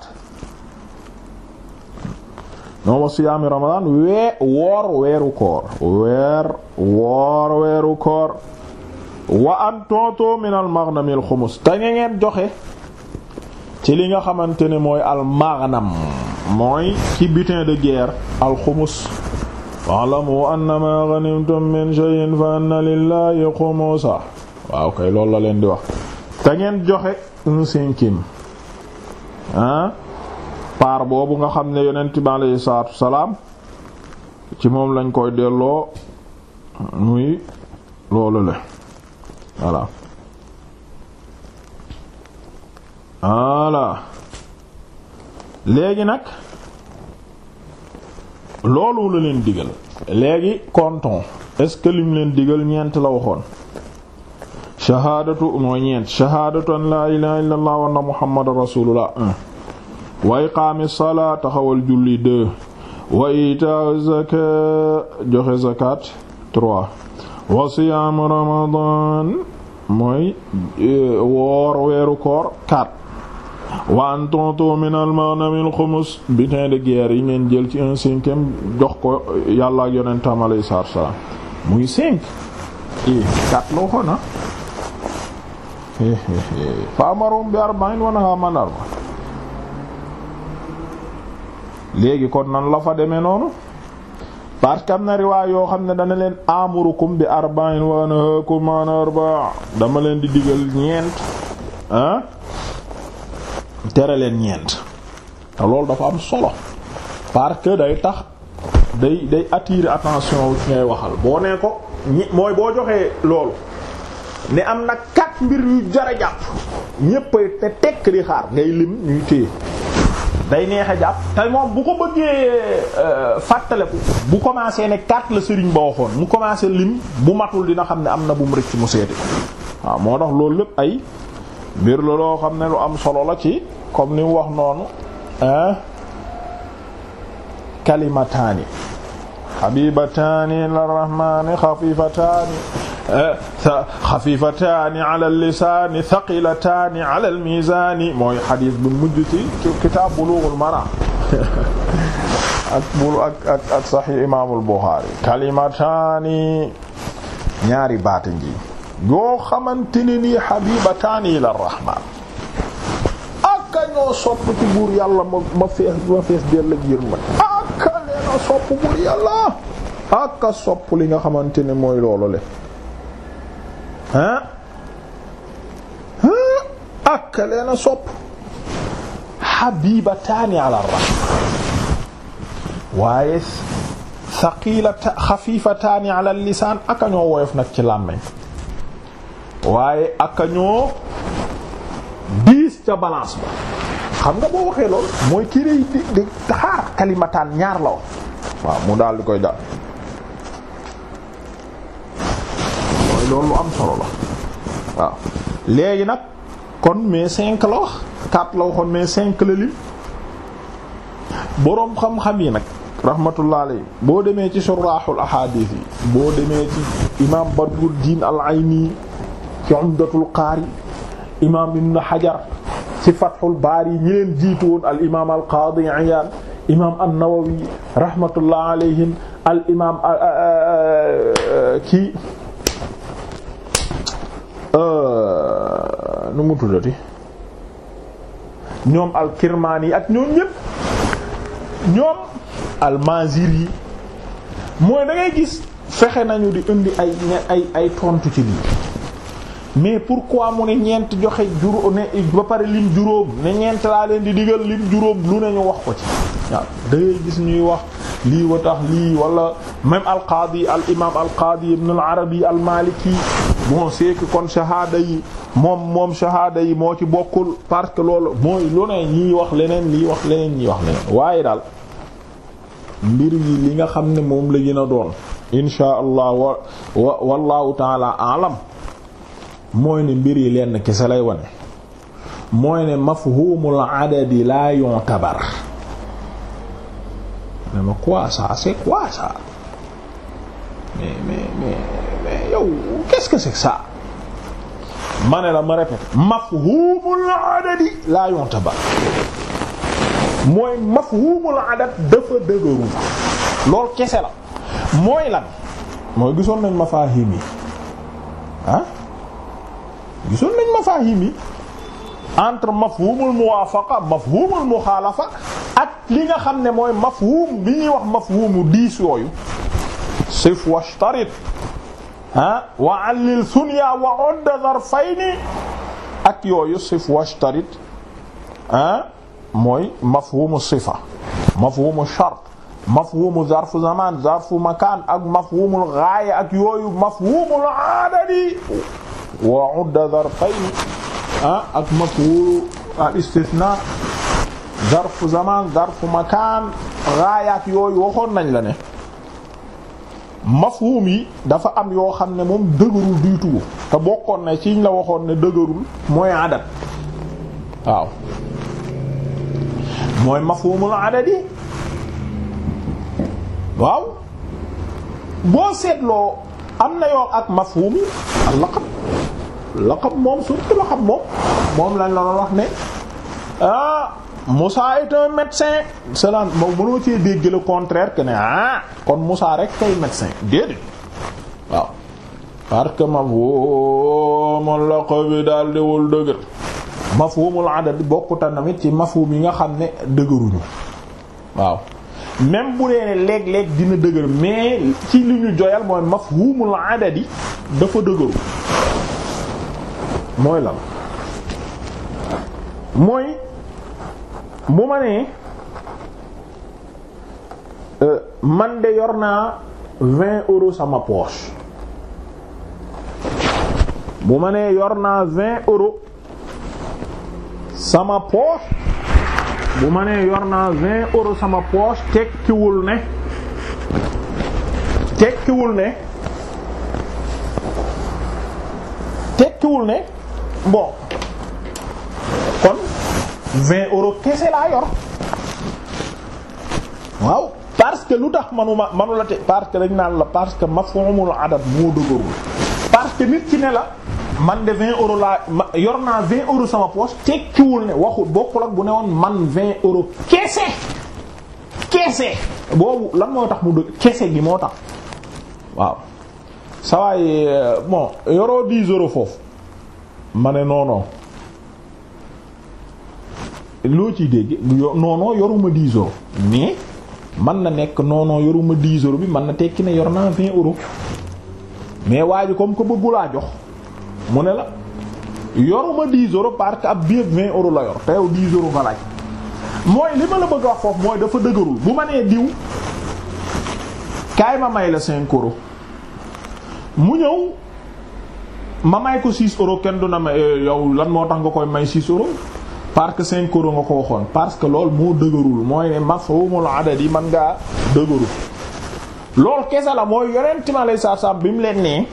ñoom wa siyaami ramadan wee woor weeru koor weer woor weeru koor wa an min al maghnam al xumus te nga ngeen joxe ci li nga xamante ne mooy al maghnam mooy ci butin de guerre al xumus wa'lamu annama ghanimtum min shay'in fa anna lillahi xumusa waaw kay loolu la leen di wax te ngeen joxe un cinquième ah par boobu nga xam ne yonent bi alayhi salaatu ci moom lañ koy delloo muy loolu la voilà voilà léegi nag loolu la leen digal léegi konton est-ce que lim leen digal ñeent la waxoon shahaadatu mooy ñeent shahaadatu an laa ilaaha illallah wa anna muhammadan rasulullah un wa iqaami salaa taxawal julli deux wa itaa zakaa joxe zakat trois wa siyaam ramadan mooy euh, woor weeru koor quatre wa an tu'tu min al-maghnam al-xumus butin de yi ngeen jël ci un cinquième jox ko yàlla ak yonentam alayhi salaatu wa muy cinq i quatre loo xona ah. fa amarum bi arba'in wa nahaa an arba léegi kon nan la fa demee noonu parce que am na riwaay yoo xam ne dana leen amurukum bi arba'in wa nahaakum an arba dama leen di digal ñeent ah. tere leen ñeent te loolu dafa am solo parce day tax day day attirer attention ci ngay waxal boo nee ko ñi mooy boo joxee loolu ne am na quatre mbir yu jar a jàpp ñépp te tekk di xaar ngay lim ñuy téye day neex a jàpp te moom bu ko bëggee euh, fàttaleku bu commencé ne quatre la sëriñ ba waxoon mu commencé lim bu matul dina xam ne am na bu mu rëcc mu seeti waaw moo tax loolu lépp ay mbir la loo xam ne lu am solo la ci comme ni mu wax noonu ah kalimataani habibataani ila rahmani xafifataani xafifataani eh, ala lisaani thaqilataani ala almizaani mooy xadis bi mujj ci kitaab bulughul maram ak bul ak ak ak sahih imaamul Buxaari kalimataani ñaari baata nji yoo xamante ne nii habibataani ila rahmaan leena sopp ci buur yàlla ma ma fees ma fees dell ak aka leena sopp buur yàlla aka sopp li nga xamante ne mooy loolu le ah aka leena sopp habibataani ala waaye saqilata xafifataani ala lisaan aka ci làmmiñ waaye aka ñoo diis ca ba xam nga boo waxee lool mooy kii di di xaar kalimataan ñaar la wax waaw mu daal di koy daal mooy loolu lu am solo la waaw léegi nag kon mais cinq la wax quatre la waxoon mais cinq la boroom xam-xam yi nag rahmatullah alayhi boo demee ci surahul ahadith yi boo demee ci imam Badruddin al-Ayni ci Umdatul Qari imam Ibn Hajar ci Fathul Baari ñi leen jiitu woon al imaam al qaadi Iyaan imaam an-Nawawi rahmatullah alayhim al imaam kii nu mu tuddati ñoom al Kirmaani yi ak ñoom ñëpp ñoom al Maaziri yi mooy da ngay gis fexe nañu di indi ay ay ci lii. mais pourquoi mu ne ñeent joxe juró ba pare lim juróom ne ñeent laa leen di digal lim juróom lu ne ñu wax ko ci waaw da gis ñuy wax lii wa tax lii wala même alqaadi al imam alqaadi ibn al arabi al maliki bon c'est kon shahada yi moom moom shahada yi moo ci bokkul parce que loolu mooy lu ne ñiy wax leneen lii wax leneen ñiy wax leneen waaye daal mbir yi li nga xam ne moom la gën a doon insha allah wa wallahu taala alam mooy ne mbir yi lenn kese lay wane mooy ne mafhumul adadi la yontabar ne ma quoi ça la ma répète mooy mafhumul adad dafa dëgëru lool kese la mooy lan mooy gisoon nañ mafahim yi gisoon nañ entre mafhumul muwaafaqa mafhumul muxaalafa ak li nga xam ne mooy mafhum bi wax mafhumu diis yooyu sif washtarit ah wa allil sunya wa odd zarfayni ak yooyu sif washtarit ah mooy mafhumu sifa mafhumu shart mafhumu zarfu zaman zarfu makan ak mafhumul gaaya ak yooyu mafhumul adadi wa udda ah, ak maf'ul al ah, istithna zarfu zaman zarfu yooyu waxoon nañ la ne mafhum yi dafa am yoo xam ne moom dëgërul du tout te bokkoon na ci la waxoon ne dëgërul mooy adat waaw mooy mafhumul adat am ak mafhum laqab moom surtout laqab moom moom lañ la doon wax ne ah Moussa est un médecin cela moom mënoo cee dégg le contraire que ne ah kon Moussa rek kay médecin déedéet waaw parce que mafhumul laqab bi daal diwul dëgër maf adad bokkuta tamit ci mafhum nga xam ne dëgëruñu léeg dina dëgër mais ci li ñu joyal mooy mafhumul adadi dafa dëgëru mooy la mooy mu ma nee euh, man de yor naa vingt euros sama poche bu ma nee yor naa vingt euros sama poche bu ma nee yor naa vingt euros sama poche tekkiwul ne tekkiwul ne tekkiwul ne bon kon 20 euros kese laa yor waaw parce que lu tax manuma manula te parce que dañ naan la parce que mafhumul adad moo dëgërul parce que nit ci ne la man de 20 euros laa yor naa 20 euros sama poche tekkiwul ne waxu bokkul ak bu ne woon man 20 euros kese kese boobu lan moo tax mu dëgg kese gi moo tax waaw sawaay euh, bon yoroo 10 euros foofu ma ne noonoo loo ciy dégg noonoo yoruma 10 euros mais mën na nekk noonoo yoruma 10 euros bi mën na tekki ne yor naa 20 euros mais waa ji comme que bëggulaa jox mu ne la yoruma 10 euros parce que ab biir 20 euros la yor te yow 10 euros laaj mooy li ma la bëgg wax foofu mooy dafa dëgërul bu ma nee diw kaay ma may la 5 euros mu ñëw ma may ko 6 euros kenn du na ma eh, yow lan moo tax nga koy may 6 euros parce que 5 euros nga ko waxoon parce que loolu moo dëgërul mooy ne mafhumul adad yi man ngaa dëgërul loolu kese la mooy yonent ma lay saa bi mu leen nee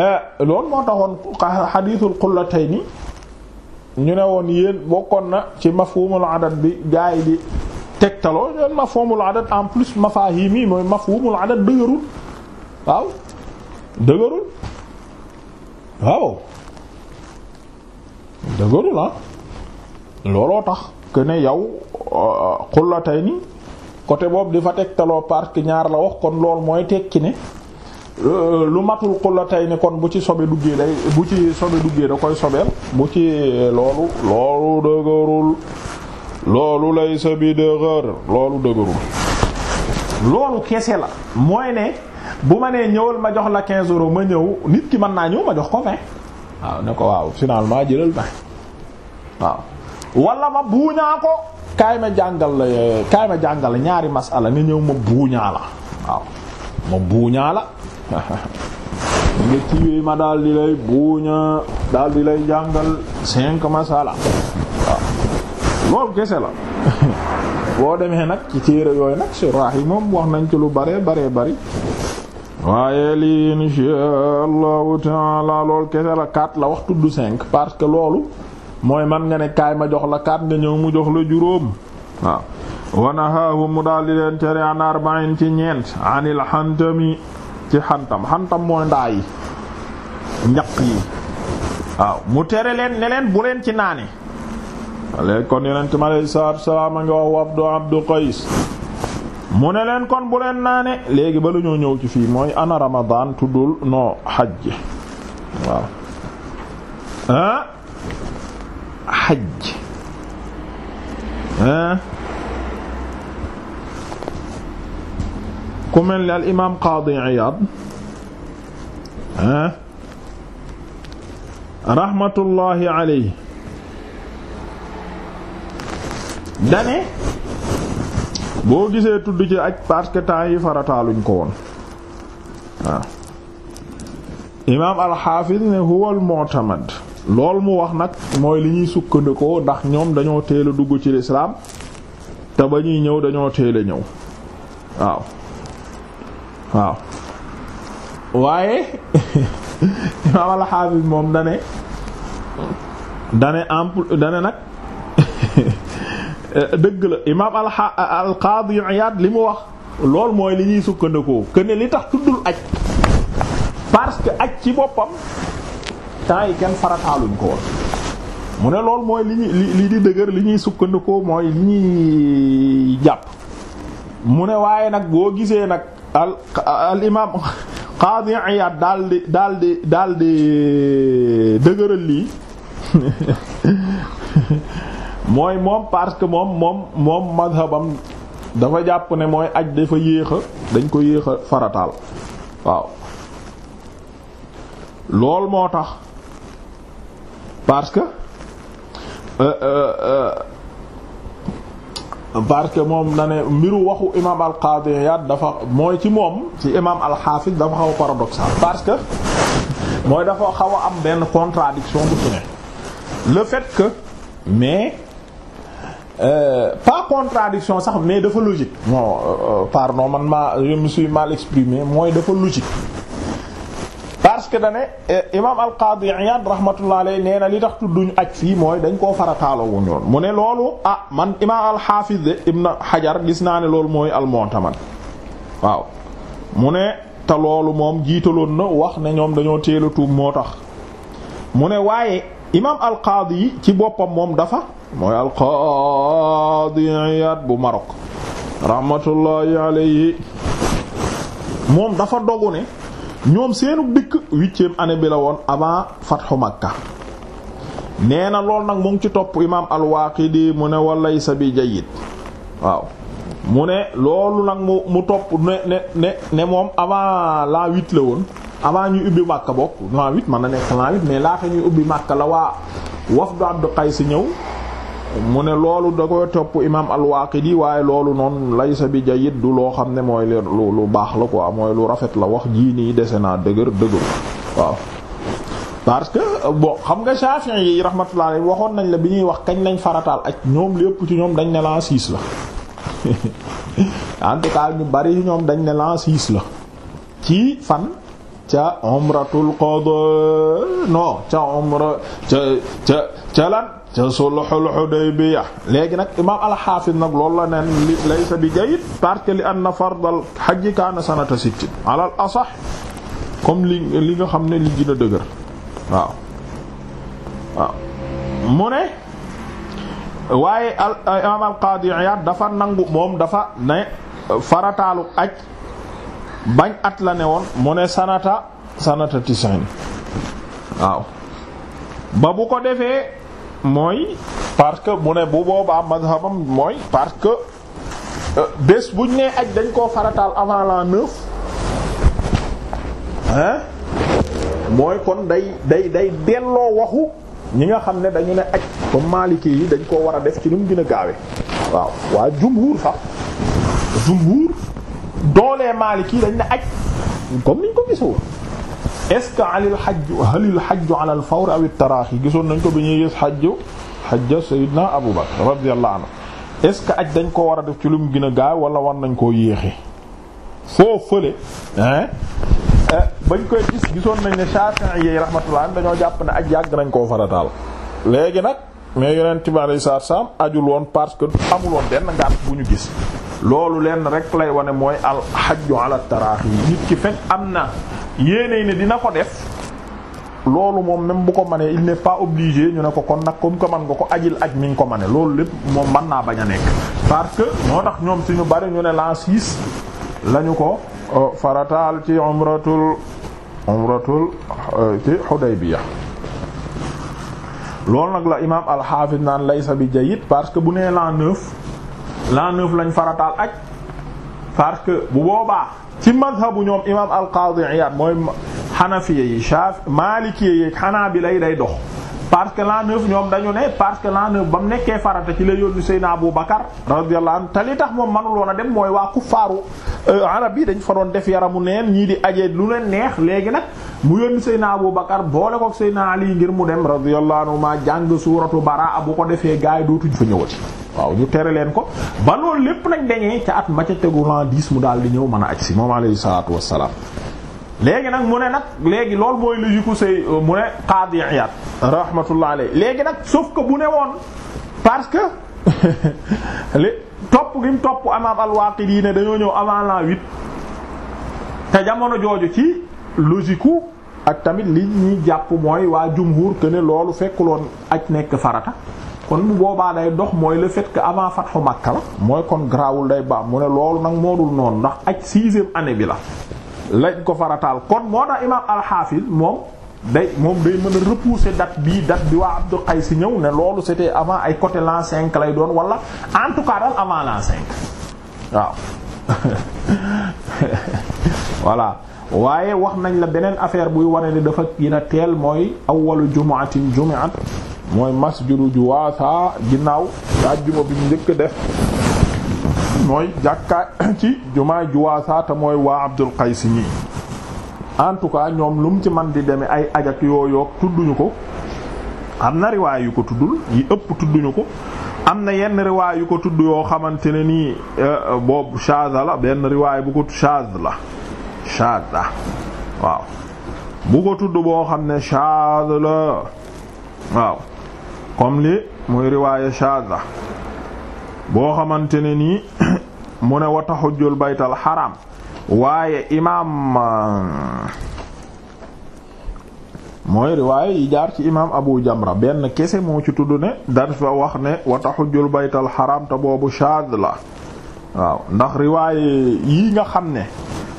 eh, loolu moo taxoon xadiisul qullatayni ñu ne woon yéen bokkoon na ci mafhumul adad bi gaa bi di tegtaloo yéen mafhumul adad en plus mafahimi mooy mafhumul adad dëgërul waaw. dëgërul waaw dëgërul ah looloo tax que ne yow euh, ni côté boobu di fa tegtaloo parce que ñaar la wax kon lool mooy tekki ne euh, lu matul xullatayni kon bu ci sobe duggee day bu ci sobe duggee da koy sobeel bu ci euh, loolu loolu dëgërul loolu lay sa dëgër loolu dëgërul loolu kese la mooy ne bu ma nee ñëwal ma jox la 15 euros ma ñëw nit ki mën naa ñëw ma jox ko 20 waaw ne ko waaw finalement jëlal 20 waaw wala ma buuñaa ko kaay ma jàngal kaay jàngal ñaari masala nga ñëw ma buuñaa la waaw ma buuñaa la nga ciwee ma daal di lay buuña daal di lay jàngal cinq masala waaw loolu kese la boo demee nag ci téere yooyu nag surah yi moom wax nañ ci lu bare bare bari waaye lii insha allahu taala loolu kese la quatre la wax tudd cinq parce que loolu mooy man nga ne kaay ma jox la quatre nga ñëw mu jox la juróom waaw wanahaahu mu daal di leen tere an arba'in ci ñeent anil xantami ci xantam xantam mooy ndaa yi ñaq yi waaw mu tere leen ne leen bu leen ci naane. wala kon yonent mi alayhi salaatu wa salaam a ngi wax wafdu Abdu Qays mu ne leen kon bu leen léegi ba la ñoo ñëw fi mooy ana ramadan tuddul noo xaj waaw ah xaj ku mel ni al imaam qaadi Iyaad ah rahmatullahi alayhi dane boo gisee tudd ci ak parce temps yi farataaluñ ko woon waaw imaam alxaafis ne huwal mu'tamad lool mu wax nag mooy li ñuy sukkandikoo ndax ñoom dañoo teel a dugg ci lislaam te ba ñuy ñëw dañoo teel a ñëw waaw waaw waaye imaam alxaafis moom dane dane ample dane nag dëgg la imaam al-Qaadi Iyaad li mu wax lool mooy li ñuy sukkandikoo que ne li tax tuddul aj parce que aj ci boppam temps yi kenn farataaluñ ko mu ne loolu mooy li ñuy li di dëgër li ñuy sukkandikoo mooy li ñuy jàpp mu ne waaye nag boo gisee nag al al imaam Qaadi Iyaad daal di daal di daal di dëgëral lii. mooy moom parce que moom moom moom madhabam dafa jàpp ne mooy aj dafa yéex a dañ ko yéex a farataal waaw lool moo tax parce que euh, euh, euh parce que moom na ne mbiru waxu imaam al-Qaadi dafa mooy ci moom ci imaam al-Haafis dafa xaw a paradoxal parce que mooy dafa xaw a am benn contradiction bu su ne le fait que mais Euh, pas contradiction sax mais dafa logique non euh, euh, pardon man ma je me suis mal exprimé mooy dafa logique parce que dane imam al-Qadi Iyad rahmatullah alayhi nee yi li tax tudduñu aj fii mooy dañ koo farataala wuñ yoon mu ne loolu ah man imam al-Hafiz Ibn Hajar gis naa ne loolu mooy al man waaw mu ne te loolu moom jiitaloon na wax ne ñoom dañoo téela tuub moo tax mu ne waaye imam alqaadi yi ci boppam moom dafa mooy alqaadi Iyaad bu Marok rahmatullahi alayhi moom dafa dogu ne ñoom seenu dikk huitième année bila woon avant fathu Makka nee na lool nag mu ci topp imam al-Waaqidi mu ne walaysa bi jayyid waaw mu ne loolu nag mu mu topp ne ne ne moom avant la huit woon avant ñuy ubbi màkka bokk l'an huit man a nekk l'an huit mais laata ñuy ubbi Makka la waa wafdu Abdu Qays ñëw mu ne loolu da koy topp imaam al-Waaqidi waaye loolu noonu laysa bi jayyid du loo xam ne mooy lu lu baax la quoi mooy lu rafet la wax jii nii dese naa dëgër dëgër waaw. que bon xam nga Shafi'i yi rahmatullah waxoon nañ la bi ñuy wax kañ lañ farataal ak ñoom lépp ci ñoom dañ ne l'an six la en tout ñu bari ñoom dañ ne l'an six la ci fan. ca umratul qada ca lan ca sulhul hudaybiya léegi nag imaam alxaafis nag loolu la neen li laysa bi jayyid parce que li anna fardal hajj sittin alal comme li xam ne li gën a mu ne waaye al imaam al qaadi Iyaad dafa nangu moom dafa ne farataalu aj bañ at la ne woon mu ne sanata sanata tisin waaw ba bu ko defee mooy parce que mu ne bu mooy parce que euh, bés buñ nee aj dañ koo farataal avant l'an neuf hein mooy kon day day day delloo waxu ñi nga xam ne dañu ne aj comme maliki yi dañ koo war a def ci nu mu gën a waaw waa jumhur sax jumhur doolee Maliki dañ ne aj comme niñ ko gisoo est-ce que alil hajju halil hajju ala al fawr aw at-tarahi gisoon nañ ko bi ñuy gis hajju hajja Seydina Abu Bakr radiyallahu anhu est-ce que aj dañ koo war a def ci lu mu gën gaaw wala war nañ koo yéexe foo fële hein eh, bañ koy gisoon nañ ne Shafi'i yi rahmatullah dañoo jàpp ne aj yàgg nañ koo farataal léegi nag mais yeneen tubaab yi saa saam ajul woon parce que amul woon benn ngànt bu ñu gis loolu lenn rek lay wane mooy al hajju ala taraax yi nit ki fekk am na yéene ne dina ko def loolu moom même bu ko mënee il n'est pas obligé ñu ne ko kon nag comme que mën nga ko ajil aj mi ngi ko mënee loolu lépp moom man naa bañ a nekk. parce que moo tax ñoom suñu bari ñu ne l'an six lañu ko euh, farataal ci umratul umratul euh, ci Hudaybiya loolu nag la imaam alxaafis naan laysa bi jayyid parce que bu nee l'an neuf l'an neuf lañ farataal aj parce que bu boobaa ci mazhabu ñoom imaam alqaadi Iyaad mooy xanafiya yi shaaf maalikiya yi xanaa bi lay day dox parce que l'an neuf ñoom dañu ne parce que l'an neuf ba mu nekkee farata ci la yónni Seydina Abu Bakar radiyallahu te li tax moom manul a dem mooy waa kuffaaru euh, arab yi dañ fa doon def yaramu neen ñii di ajee lu leen neex léegi nag mu yónni Seydina Abu Bakar boole kook Seydina Ali ngir mu dem radiyallahu anhu ma jàng suuratu Baraa ah, bu ko defee gaay dootuñ fa ñëwati waaw ñu tere leen ko ba loolu lépp nag dañee ca at ma ca tegu l'an dix mu daal di ñëw man a aj si moom alayhi salaatu wassalaam léegi nag mu ne nag léegi loolu mooy lu yiku say mu ne Qadi Iyad rahmatullah alayhi léegi nag sauf ko bu ne woon parce que li topp gi mu topp imaam al-Waaqidi ne dañoo ñëw avant l'an huit te jamono jooju ci logique ak tamit li ñuy jàpp mooy waa jumhur que ne loolu fekkuloon aj nekk farata kon mu boobaa day dox mooy le fait que fat fatxu Makka la mooy kon grawul day baax mu ne loolu nag moodul noonu ndax aj sixième année bi la lañ ko farataal kon moo tax imaam al moom day moom day mën a repousser date bii date bi waa Abdul Qays ñëw ne loolu c'était avant ay côté l'an lay doon wala en tout avant l'an waaw voilà waaye wax nañ la beneen affaire buy wane ne dafa gën a teel mooy awwalu jumu'atin jumi'at mooy masjidu Juwaasa ginnaaw ajjuma bi njëkk def mooy jàkka ci jumaa juwaasa te mooy waa Abdul Qays ñi en tout cas ñoom lum ci man di demee ay ajak yooyoog tudduñu ko am na riwaay yu ko tuddul yi ëpp tudduñu ko am na yenn riwaay yu ko tudd yoo xamante ne nii eh, boobu shaza la benn riwaay bu ko shaz la shaza waaw bu ko tudd boo xam ne shaz la waaw comme li muy riwaaya shaza boo xamante nii mu ne wa tahujjul baytal xaram waaye imaam mooy riwaaye yi jaar ci imaam Abu Jamra benn kese moo ci tudd ne dan fa wax ne wa baytal xaram te boobu shaad la waaw ndax riwaaye yi nga xam ne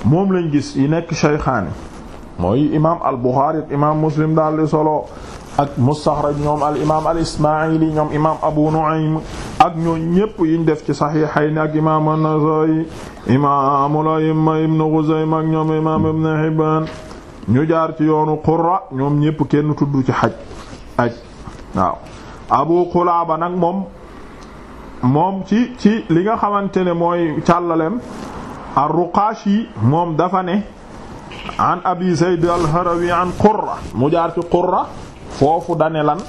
moom lañ gis yi nekk Shaykhaani mooy imaam al Buxaari imaam Muslim daal di solo ak mustaxraj ñoom al imaam ñoom imaam abu nu'aym ak ñoo ñépp yiñ def ci saxiixayn ak imaam an-nasaa'i imaamul a'imma ibnu xuzayma ñoom imaam ibnu hibbaan ñu jaar ci yoonu qurra ñoom ñépp kenn tudd ci xaj aj waaw abu qulaaba nag moom moom ci ci li nga xamante ne mooy càllaleem ar-ruqaashi moom dafa ne an al-harawi an qurra foofu dane lan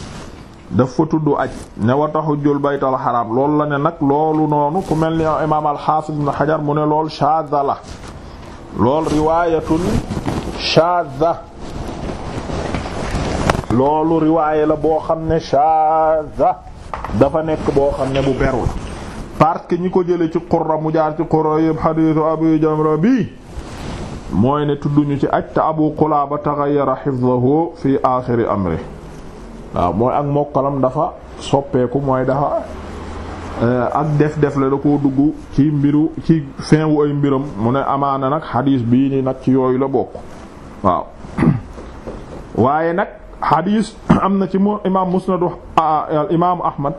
dafa tudd aj ne wa taxujul baytal xaram loolu la ne nag loolu noonu ku mel ni imaam alxaafis ibn xajar mu ne lool shaadha la lool riwaayatun shaadha loolu riwaaya la boo xam ne shaadha dafa nekk boo xam ne bu beru la parce que ñi ko jële ci qurra mu jaar ci qurra yëpp xadiisu abu jamra bi mooy ne tudduñu ci aj te abu qulaaba taxayyara xifdahu fi aaxiri amri waaw mooy ak mokkalam dafa soppeeku mooy dafa euh, ak def-def la da koo dugg ci mbiru ci fin wu ay mbiram mu ne amaana nag xadiis bii ni nag ci yooyu la bokk waaw waaye nag xadiis am na ci mu imaam musnadu imaamu ahmad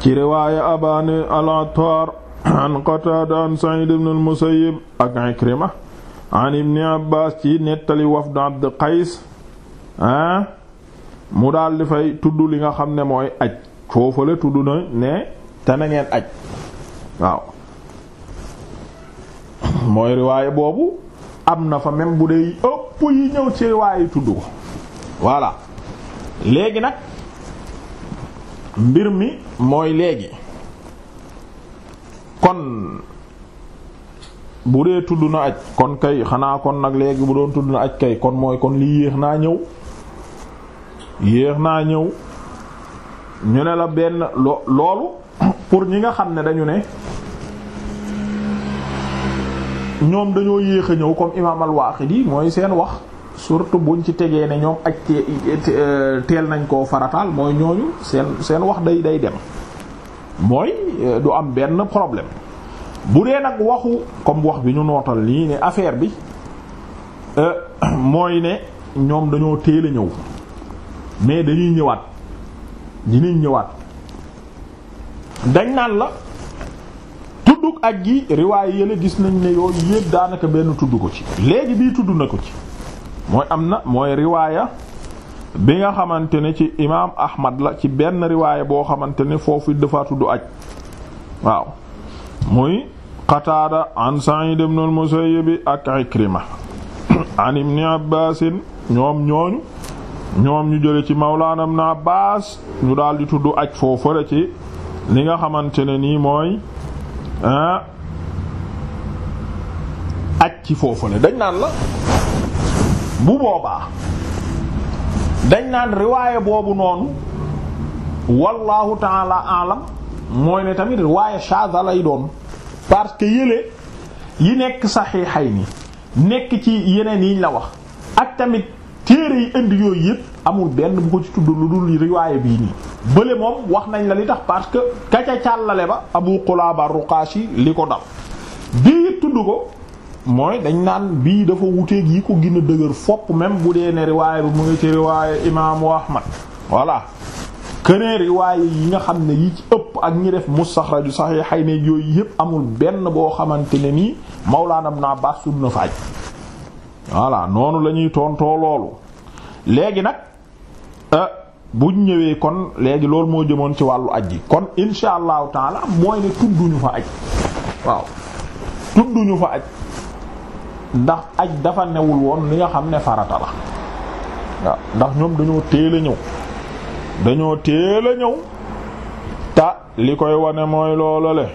ci riwaaya aban al-attar an qatada an sa'id al-musayyib ak ikrima an ibni abbas ci nettali wafd abd qais ah. mu daal di fay tudd li nga xam ne mooy aj foofale tudd na ne te na ngeen aj waaw mooy riwaaye boobu am na fa même bu dee ëpp yi ñëw ci riwaaye yi tudd ko voilà léegi nag mbir mi mooy léegi kon bu dee tudd na aj kon kay xanaa kon nag léegi bu doon tudd na aj kay kon mooy kon li yéex naa ñëw yéex naa ñëw ñu ne la benn lo loolu pour ñi nga xam ne dañu ne ñoom dañoo yéex a ñëw comme imaam al-Waaqidi mooy seen wax surtout buñ ci tegee ne ñoom aj euh, teel nañ koo farataal mooy ñooñu seen seen wax day day dem mooy euh, du am benn problème bu dee nag waxu comme wax bi ñu nootal lii ne affaire bi euh, mooy ne ñoom dañoo teel a ñëw mais dañuy ñëwaat dinañ ñëwaat dañ naan la tuddug ak gi riwaay yële gis nañ ne yooyu yëpp daanaka benn tudd ko ci léegi bii tudd na ko ci mooy am na mooy riwaaya bi nga xamante ne ci imaam ahmad la ci benn riwaaya boo xamante ne foofu dafa tudd aj waaw muy qataada an sa'id ibn al-musayyib ak ikrima an ibn abbas ñoom ñooñu ñoom ñu jële ci Mawlaana Ibn Abbaas ñu daal di tudd aj foofu la ci li nga xamante ne nii mooy ah aj ci foofu la dañ naan la bu boobaa dañ naan riwaayé boobu noonu wallahu taala alam mooy ne tamit riwaayé shaza lay doon parce que yële yi nekk saxiixay ni nekk ci yeneen yiñ la wax ak tamit téere yi indi yooyu yëpp amul benn bu ko ci tudd lu dul riwaaya bii nii bële moom wax nañ la li tax parce que ka ca càllale ba Abu Qulaba Ruqashi li ko dal bii tudd ko mooy dañ naan bii dafa wuteeg yi ko gën a dëgër fopp même bu dee ne riwaaya bi mu ngi ci riwaaya imaamu Ahmad voilà kënee riwaaya yi nga xam ne yi ci ëpp ak ñi def mustaxraju saxiixayni yooyu yëpp amul benn boo xamante ne nii Mawlaana Ibn Abbaas na faaj voilà noonu lañuy ñuy tontoo loolu léegi nag euh, buñ ñëwee kon léegi loolu moo jëmoon ci wàllu aj gi kon insha allahu taala mooy ne tudduñu fa aj waaw tudduñu fa aj ndax aj dafa newul woon li nga xam ne farata la ndax ñoom dañoo teel a ñëw dañoo teel a ñëw ta li koy wane mooy loolale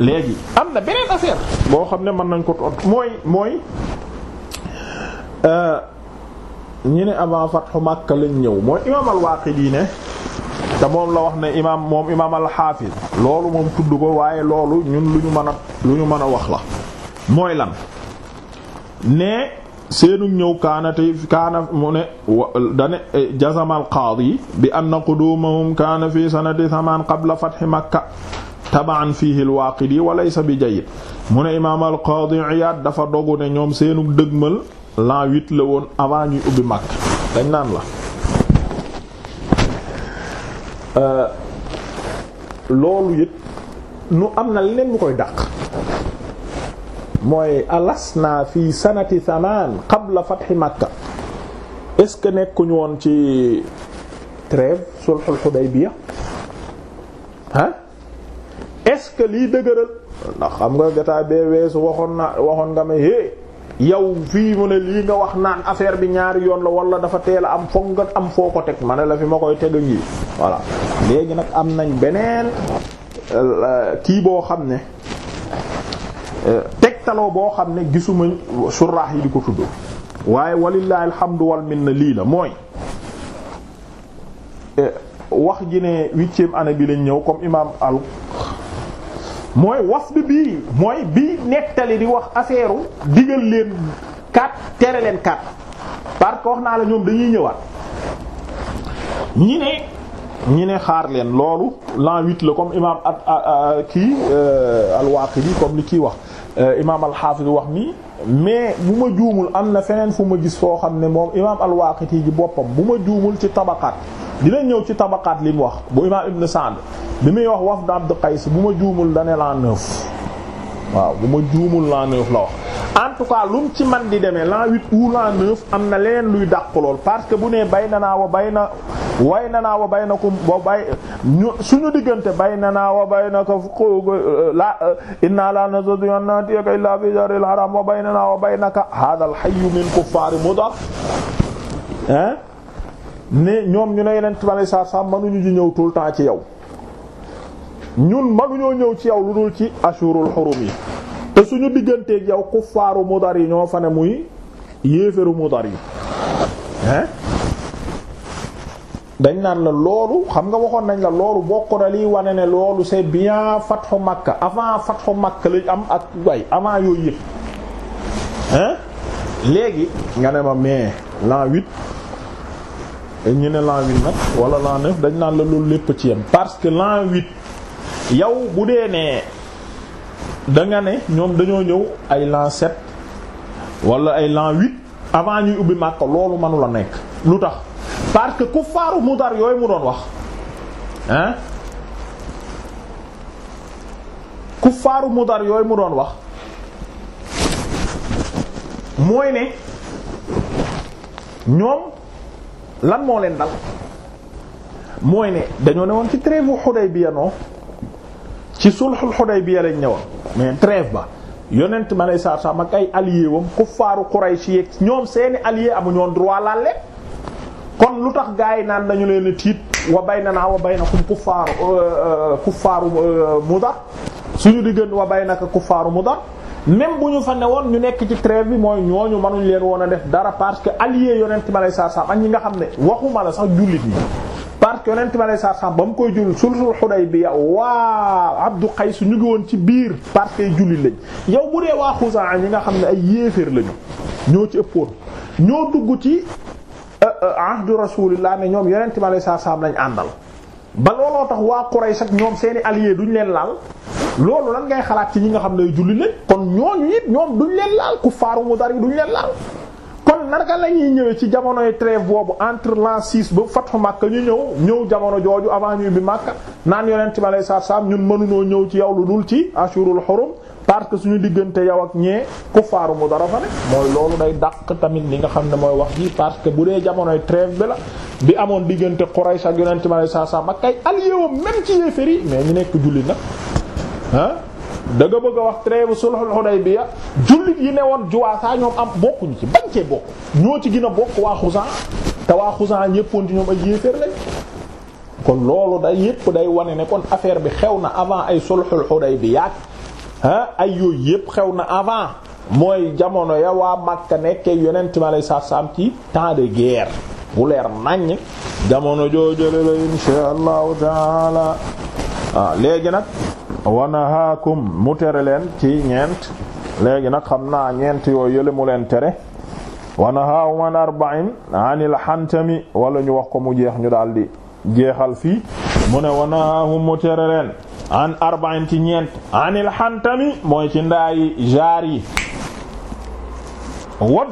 léegi am na beneen affaire boo xam ne mën nañ ko tontu mooy mooy Euh, ñi ne avant fathu Makka lañ ñëw mooy imaam al-Waaqidi moom la wax ne imaam moom imaam al-Haafiz loolu moom tudd ko waaye loolu ñun lu ñu mën lu ñu mën a wax la mooy lan ne seenu ñëw kaanati kaana mu ne dane e, jazama al-Qaadi bi anna qudumahum kaana fi sanati thaman qabla fathi Makka taban fihi al wa laysa bi jayyid mu imaam al-Qaadi dafa dogu ñoom seenu dëgmal l'an huit la woon avant ñuy ubbi Makka dañ naan la euh, loolu it nu am na leen bu koy dàq mooy naa fi sanati samaan qabla fathi Makka est-ce que nekkuñu woon ci trêve sulhul Hudaybiya ah est-ce que liy dëgëral ndax xam nga gataa bee weesu waxoon na waxoon nga ma hé yow fii mu ne lii nga wax naan affaire bi ñaari yoon la wala dafa teel a am foog nga am foo ko teg ma la fi ma koy teg ngi voilà léegi nag am nañ beneen euh, kii boo xam ne euh, tegtaloo boo xam ne gisuma suraax yi di ko tudd waaye walillahi lii la mooy euh, wax ji ne huitième année bi lañ ñëw comme imam al mooy wafd bii mooy bii nettali di wax affaire digal leen kat tere leen kat parce que wax naa la ñoom dañuy ñëwaat ñi ne ñi ne xaar leen loolu l'an huit la comme imaam at kii euh, al-Waaqidi comme li kii wax euh, imaam al-Haafiz wax nii mais bu ma juumul am na feneen fu ma gis foo xam ne moom imaam al-Waaqidi ji boppam bu ma juumul ci tabaqaat dinañ ñëw ci tabaqaat li mu wax bu imaam ibn Sa'd bi muy wax wafd Abd Qays bu ma juumul dane laa neuf waaw bu ma juumul l'an neuf la wax en tout ci man di demee l'an huit ou l'an neuf am na leen luy dàqu lool parce que bu nee bay na naa wa bay na way na naa wa bay na ko ba bay ñu suñu diggante bay na naa wa bay na ko la inna la nasadu yannatiyaka illa fi daril haram wa bay na naa wa bay naka hadha al hayyu min kuffar mudar hein ne ñoom ñu ne yeneen tibale saa saa mënuñu di ñëw tout le temps ci yow ñun mënuñoo ñëw ci yow lu dul ci ashurul xurum yi te suñu digganteeg yow kuffaaru mudar yi ñoo fa ne muy yéeferu mudar yi hein dañ naan la loolu xam nga waxoon nañ la loolu bokk na liy wane ne loolu c'est bien fat fatxu Makka avant fatxu Makka lañ am ak way avant yooyu yëpp hein léegi nga ne ma mais l'an huit ñu ne l'an huit nag wala l'an neuf dañ naan la loolu lépp ci yem parce que l'an huit yow bu dee nee da nga ne ñoom dañoo ñëw ay l'an sept walla ay l'an huit avant ñuy ubbi Makka loolu mënu nekk lu tax parce que ku faaru Mudar yooyu mu doon wax ah ku faaru Mudar yooyu mu doon wax mooy ne ñoom lan moo leen dal mooy ne dañoo ne woon ci trêve Hudaybiya non ci sulhul Hudaybiya lañ ñëwoon mais trêve ba yonent ma lay saa saam ak ay allié wam kuffaaru Quraysh yeeg ñoom seeni allié amuñoon droit laal kon lu tax gars yi naan dañu leen tiit na wa baynanaa na baynakum kuffaaru euh, euh, kuffaaru euh, Mudar suñu diggante wa baynaka kuffaaru Mudar même bu ñu fa ne woon ñu nekk ci trêve bi mooy ñooñu mënuñ leen woon a def dara parce que allié yonent ma lay saa saam ak ñi nga xam ne waxuma la sax jullit ñi parce que yonent ma lay saa saam ba mu koy jul sulhul Hudaybiya waa Abdu su ñu ngi woon ci biir parce que jullit lañ yow bu dee waa Xuzaa ñi nga xam ne ay yéeféer lañu ñoo ci ëppoon ñoo dugg ci euh, euh, ahdu Rasulillah ne ñoom yonent ma lay saa saam lañ àndal ba looloo tax waa Quraysh ak ñoom leen laal loolu lan ngay xalaat ci ñi nga xam ne julli lañ kon ñooñu it ñoom duñ leen laal ku faaru mu dar yi duñ leen laal kon naka la ñuy ñëwee ci jamonoy trêve boobu entre l'an 6 ba fatxu Makka ñu ñëw ñëw jamono jooju avant ñuy bi Makka naan yonent bi alayhi salaam ñun mënuñoo ñëw ci yow lu dul ci ashurul xurum parce que suñu diggante yow ak ñee ku faaru mu dara fa ne mooy loolu day dàq tamit li nga xam ne mooy wax ji parce que bu dee jamonoy trêve bi la bi amoon diggante Quraysh ak yonent bi alayhi salaam ak kay allié même ci yéefar yi mais ñu nekk julli nag ah da nga bëgg a wax trêve sulhul Hudaybiya jullit yi ne woon juwaasaa ñoom am bokkuñu ci bañ cee bokk ñoo ci gën a bokk waa Xuzaa te waa Xuzaa ñëppoon ci ñoom ay yéeféer lañ kon loolu day yépp day wane ne kon affaire bi xew na avant ay sulhul Hudaybiya ah ay yooyu yépp xew na avant mooy jamono ya waa Makka nekkee yonent ma lay saam ci temps de guerre bu leer naññ jamono joojale la insha allahu taala waaw ah, léegi nag wanahaakum mu tere leen ci ñeent léegi nag xam naa ñeent yooyu yële leen tere wanahaahum an arba'in anil xantami wala ñu wax ko mu jeex ñu daal di jeexal fii mu ne wanahaahum mu tere leen an arba'in ci ñeent anil xantami mooy ci ndaayi jaar yi wat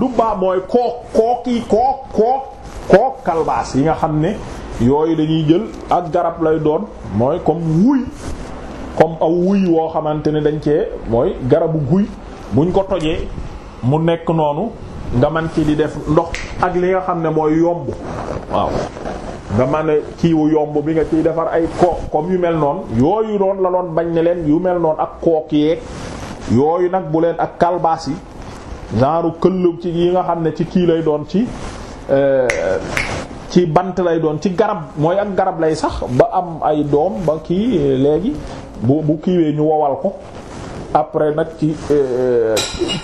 dubbaa mooy kook kook yi kook kook kook kalbaas yi nga xam ne yooyu dañuy jël ak garab lay doon mooy comme wuy comme aw wuy woo xamante ne dañ cee mooy garabu guy buñ ko tojee mu nekk noonu nga man ci di def ndox ak li nga xam ne mooy yomb waaw nga mën kiiwu yomb bi nga ciy defar ay kook comme yu mel noon yooyu doon la doon bañ ne leen yu mel noon ak kook yeeg yooyu nag bu leen ak kalbaas yi genre këllub ci yi nga xam ne ci kii lay doon ci euh, ci bant lay doon ci garab mooy ak garab lay sax ba am ay doom ba kii léegi bu bu kiiwee ñu wowal ko après nag ci euh,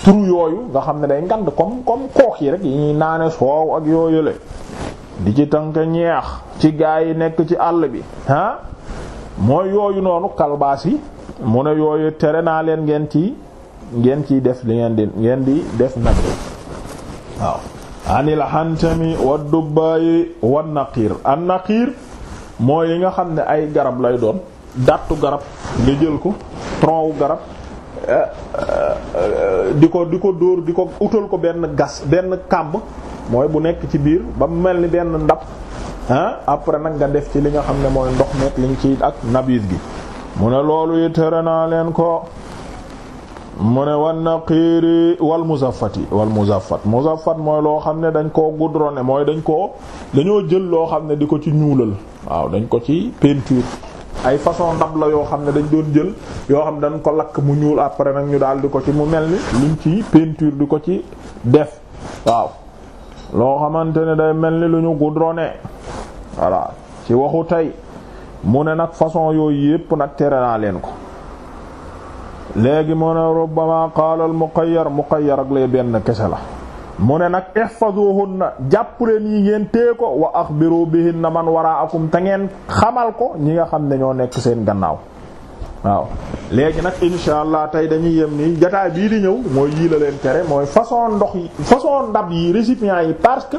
trou yooyu nga xam ne day ngand comme comme koox yi rek yi ñuy naane soow ak yooyu yooyule di ci tànk ñeex ci gaa yi nekk ci àll bi ah mooy yooyu noonu kalbaas yi mu ne yooyu tere naa leen ngeen ci ngeen ci def li ngeen di ngeen di def nag waaw anil hantami wa dubbaayi wa naqiir an naqiir mooy yi nga xam ne ay garab lay doon dattu garab nga jël ko tronc wu garab eh, eh, eh, di ko di ko dóor di ko utal ko benn gas benn kàmb mooy bu nekk ci biir ba mu mel ni benn ndab ah après nag nga def ci li nga xam ne mooy ndox meeg liñ ci ak nabiis gi mu ne loolu yi tere naa leen ko mu ne wan na xiiri wal muzaffati wal muzaffat muzaffat mooy loo xam ne dañ koo goudronné mooy dañ koo dañoo jël loo xam ne di ko ci ñuulal waaw dañ ko ci peinture ay façon ndab la yoo xam ne dañ doon jël yoo xam ne dañ ko lakk mu ñuul après nag ñu daal di ko ci mu mel ni luñ ci peinture di ko ci def waaw loo xamante ne day mel ni lu ñu goudronné voilà ci waxu tey mu ne nag façon yooyu yépp nag tere naa leen ko léegi mu ne rubbama qaala al mu muqayyar ak lay benn kese la mu ne nag ihfazuhunna jàpp leen yi ngeen téye ko wa axbiru na man waraakum te ngeen xamal ko ñi nga xam ne ñoo nekk seen gannaaw waaw léegi nag insha allah tey dañuy yem nii jataay bii di ñëw mooy yii la leen tere mooy façon ndox yi façon ndab yi récipients yi parce que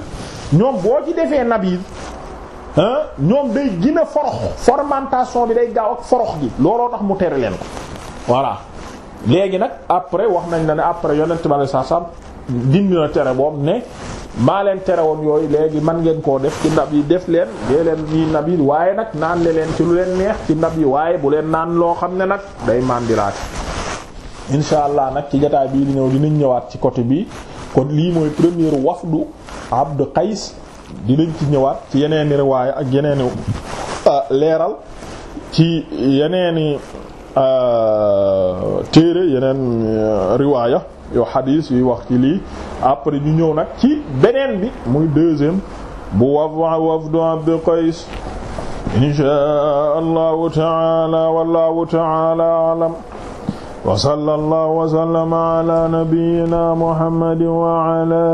ñoom boo ci defee ndab yi ñoom day gën a forox fermentation bi day gaaw ak forox gi looloo tax mu tere leen ko voilà léegi nag après wax nañ la ne après yonent bi sallallahu alayhi dindi na tere boobu ne maa leen tere woon yooyu léegi man ngeen koo def ci ndab yi def leen dee leen ñii ndab yi waaye nag naan leen ci lu leen neex ci ndab yi waaye bu leen naan loo xam ne nag day mandilaate insha allah nag ci jotaay bii di ñëw dinañ ñëwaat ci côté bi kon lii mooy premier wafdu Abd Qays dinañ ci ñëwaat ci yeneeni riwaaya ak yeneeni euh, leeral ci yeneeni euh, téere yeneen euh, riwaaya yoo xadiis yuy wax ci lii après ñu ñëw nag ci beneen bi muy deuxième bu waf wafdu Abd Qays inshaa allahu taala wallahu taala alam wa sallallahu wa sallama ala nabiyyina muhammadin wa ala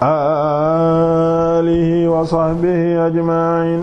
alihi wa sahbihi ajma'in